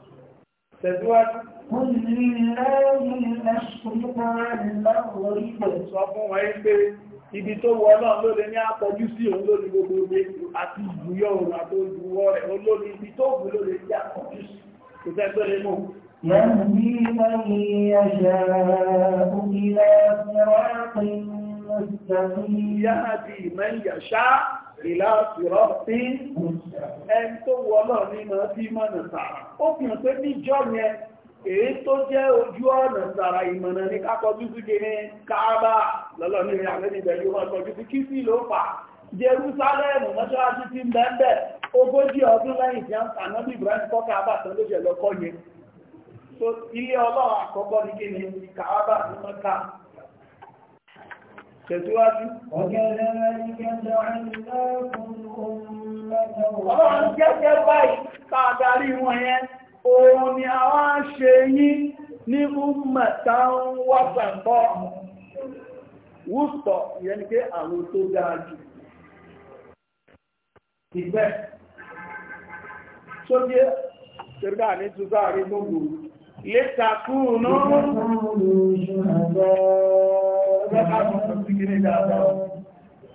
tẹ̀síwájú. Sọ fún wọn pé ibi tó wọ náà ló lè ní àpọ̀jú sí òun ló ní gbogbo ilé àti ìbúyọ́ òun àti olùwọ́ rẹ̀ olóòrì ibi tó wù ló lè ní àpọ̀jú sí kò tẹ́gbẹ́ lè mọ̀. Yàmí lẹ́yìn ìlà ìrọ̀ sí ẹni tó wọ náà ní mọ̀ sí mọ̀nà sàrà ó fi hàn pé níjọ́ yẹn èyí tó jẹ́ ojú ọ̀nà sàrà ìmọ̀nà ní kákọjú sí kí ní káàbà lọ́lọ́ ní àlẹ́ni ìbẹ̀lú wọn kọjú sí kí sí ló fà Jerúsálẹ́mù mọ́ṣáláṣí ti ń bẹ́ẹ̀ ogójì ọdún lẹ́yìn tí a ń tànábì Ibrahim kọ́ káàbà tán ló jẹ́ lọ́kọ́ yẹn so ilé Ọlọ́run àkọ́kọ́ ní kí ní káàbà ní mọ́ká tẹ̀síwájú. Ọlọ́run jẹ́jẹ́ báyìí tààdarí wọn yẹn, òun ni a wá ń ṣe yín ní mẹ́ta ń wọ́pẹ̀pọ̀. Wùsọ̀ yẹn ni pé àwọn tó dáa jù. Ìgbẹ́. Sójú ṣẹ̀dá ní Tùsáàrí gbogbo. Lé takú náà ọ̀pọ̀lọpọ̀ sí kí ní dáadáa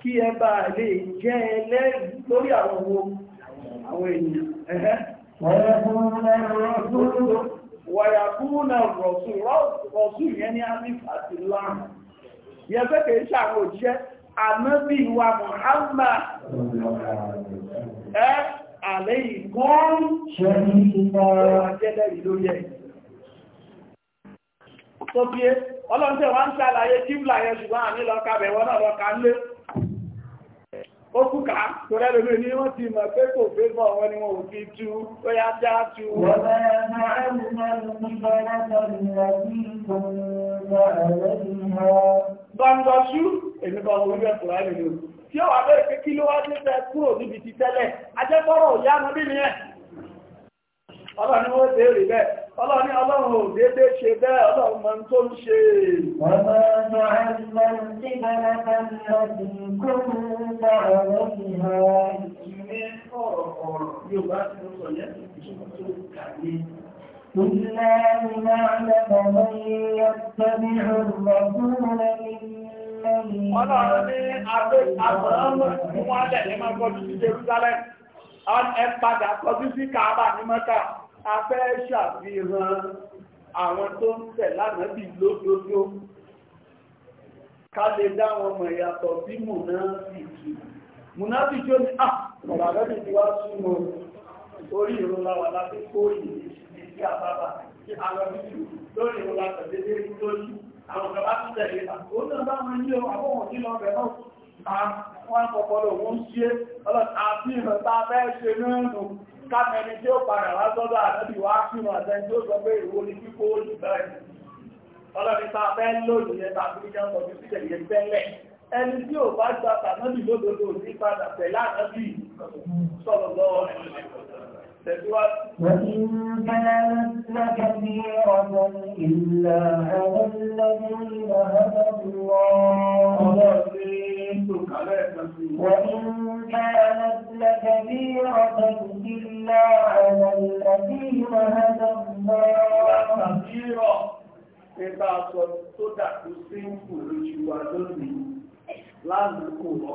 kí ẹ bá lè jẹ́ ẹlẹ́rìí lórí àwọn owó àwọn ènìyàn wàyàkúnà rọ̀sùn rọ̀sùn yẹn ní alif àti lam yẹn fẹ́ kìí ṣàwọn òjíṣẹ́ ànábì wa Muhammad ẹ́ àlẹ́ ọlọ́run tẹ́ wọ́n ń ṣàlàyé kíbùlà yẹn ṣùgbọ́n àmì lọ́ka bẹ̀wọ́ náà lọ́ka ń lé ó kúkà tó rẹ̀ lórí ní wọ́n ti mọ̀ pé kò fẹ́ bọ̀ wọn ni wọn ò fi tú ó yá já tú wọ́n gbọ́ngbọ́sú èmi kan ọlọ́run ni wọ́n béèrè bẹ́ẹ̀ ọlọ́run ni ọlọ́run ò dédé ṣe bẹ́ẹ̀ ọlọ́run mọ̀ tó ń ṣe Thank you. كلا لنعلم من يتبع الرسول Ọlọ́run ní Abraham mú wálẹ̀ ní máa kọjú sí Jerusalem, ẹ padà kọjú sí Kàábà ní Mẹ́kà a fẹ́ ṣàfihàn àwọn tó ń tẹ̀ lánàbí lódodo ká lè dá wọn mọ̀ ìyàtọ̀ bí mùnáfìkì mùnáfìkì ó ní à ah, ọ̀rọ̀ àbẹ́bí ti wá súnmọ́ orí ìrọ̀lá wà láti kó ìdí sí àbábà àwọn ìlú lórí ìrọ̀lá tẹ̀lé lórí àwọn ọ̀gá bá tún tẹ̀lé ó náà bá wọn yí ọ àbọ̀wọ̀n sí lọ bẹ̀ náà wọ́n á kọ̀kọ́ lọ kámẹni tí ó padà wá sọ́dọ̀ ànábì wá fún ọ̀sẹ̀ tí ó sọ pé ìwò ni kíkó ojú bẹ́ẹ̀ ọlọ́ni ta fẹ́ lónìí yẹn tàbí ní ọkọ̀ tó ti tẹ̀lé tẹ́lẹ̀ ẹni tí ò bá gba tànábì lódodo ní padà tẹ̀lé ànábì sọ̀rọ̀ lọ́wọ́ ẹ̀lẹ́kọ̀ọ́ وإن كانت لكبيرة إلا على الذين هدى الله وإن كانت لكبيرة إلا على الذين هدى الله Nípa aṣọ tó dàkú sí ìpòlójú wa lónìí lásìkò ọmọ.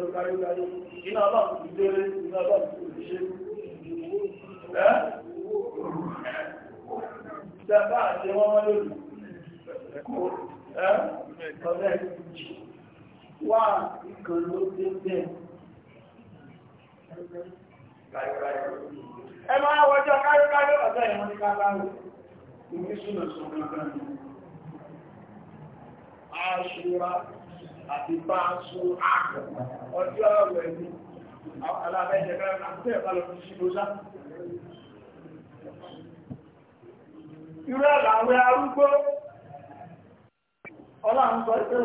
ló kárí iná ọlọ́run ti iná ọlọ́run ti ẹ́ ìjàmbá àti wọ́n mọ́ lórí ẹ́ ọ̀rẹ́ wà ìkan ló dé bẹ́ẹ̀ ẹ máa ọ̀dọ́ àti bá aṣọ ààrẹ ọjọ́ ọ̀rọ̀ ẹni alábẹ́jẹ̀ mẹ́rin àti ẹ̀bálọ̀ fi sí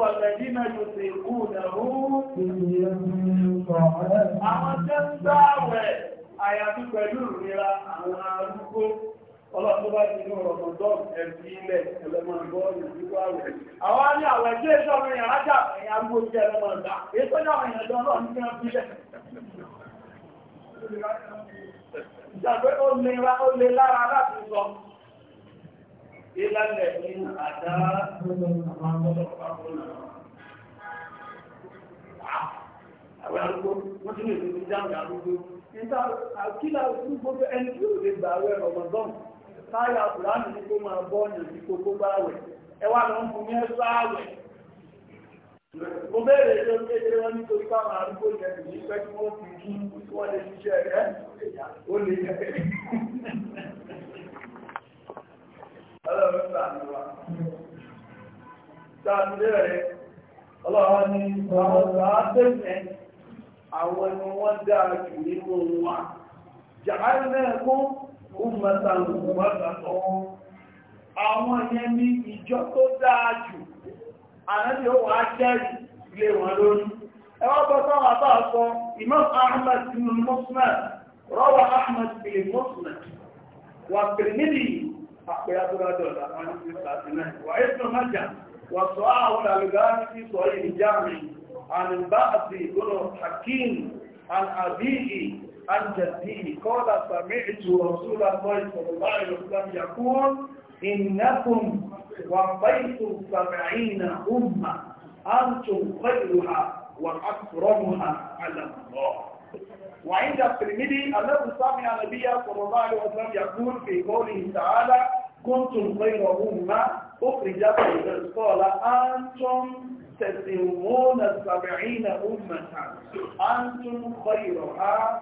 wà lẹ́dí náà yóò tẹ ikú ìdàrú. Àwọn tẹ́ ń pẹ̀lú àwọn arúgbó. ọlọ́pọ̀ bá ti ní ọ̀rọ̀ tó ẹ̀bí ilẹ̀ ẹlẹ́mọ̀n bọ́ọ̀lù nípa rẹ̀. àwọn ní àwọn ẹgbẹ́ ìṣọ́ mi yàn ájà ẹ̀yà ń gbòjì ẹlẹ́mọ̀n gbà èyí tó ní àwọn èèyàn jọ náà ní kí wọ́n fi ó lè ó lè lára láti sọ. ìlànà ní àdá àwọn arúgbó wọ́n ti lè fi dáhùn arúgbó. ìta àkílà gbogbo ẹni tí ò lè gbà wẹ́ ọmọdọ́mù táyà kùránì ní kó máa bọ́ ọ̀nà ní kó kó bá wẹ̀ ẹ wá lọ ń fún ní ẹ̀sọ́ àwẹ̀ mo bẹ̀rẹ̀ ṣe ń kéde wọn nítorí káwọn arúgbó yẹn kì í pẹ́ kí wọ́n fi kí kí wọ́n lè ṣiṣẹ́ rẹ̀ ó lè yẹ ọlọ́run sàánú wa sàánú lẹ́rẹ̀ẹ́ ọlọ́run ní àwọn sàátẹ́sẹ̀ àwọn ni wọ́n dáa jù nínú wa jàmánà kún Àwọn ìyẹn ní ìjọ tó dáa jù, ànábì ó wà jẹ́rì lè wọ́n lórí. Ẹwọ́ bọ́tọ́ wà bá sọ, Imam Ahmad bin Musnad, rọ́wà Ahmad bin Musnad, wà Tirmidhi, àpẹyà tó rádọ̀ àwọn ìsìnkàtínà, wà Ibn Majah, wà sọ àwọn àlùgáàrí عن جده قال سمعت رسول الله صلى الله عليه وسلم يقول إنكم وقيت سبعين أمة أنتم خيرها وأكرمها على الله وعند الترمذي الذي سمع النبي صلى الله عليه وسلم يقول في قوله تعالى كنتم خير أمة أخرجت قال أنتم تسلمون السبعين أمة أنتم خيرها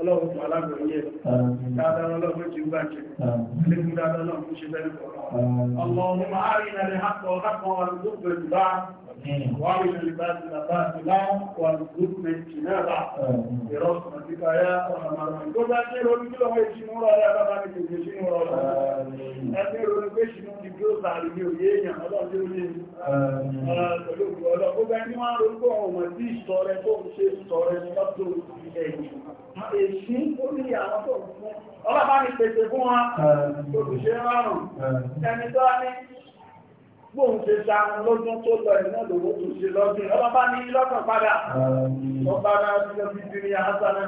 ọlọ́run fún alágbòye dáadáa ọlọ́run ti gbà jẹ́ lẹ́gbùn dáadáa ọlọ́run ṣe bẹ́ẹ̀ kọ̀ọ̀rọ̀ ọmọ ọmọ àárín ẹ̀rẹ́ hapọ̀ hapọ̀ àdúgbò ìgbà وعلى العباد الباطلة والظلم الجنابة برحمتك يا أرحم الراحمين كل أخير ونقول له يشنور يا بابا من يشنور أخير ونقول يشنور يجوز على اليوم هذا اليوم Ọlọ́pọ̀ ẹni máa rúgbọ́ ọmọ tí ìṣọ́rẹ tó ń ṣe ìṣọ́rẹ lọ́tọ̀ ẹ̀yìn. Èṣí ó ní àwọn tó fún. Ọlọ́pàá ní pèsè fún wọn, olùṣẹ́ rárùn-ún. Ẹni tó á ní bóun ṣe ṣe àwọn lọ́dún tó lọ ìná lòwó tó ṣe lọ́dún ọlọ́bá ní lọ́kàn padà ọba náà ti lọ sí ìdírí àásánà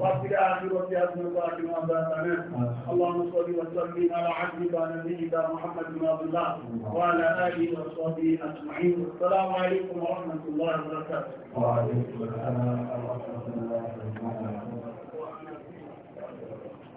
wá sí àdúrà sí àdúrà àti wọn bá sánà ọlọ́run sọ bí wọ́n sọ bí ara àdúrà nàbí ìdá muhammad mabula wà láàárín wọ́n sọ bí àtùmáyìn sọ́lámù alaykum wa rahmatullahi wa barakatuh.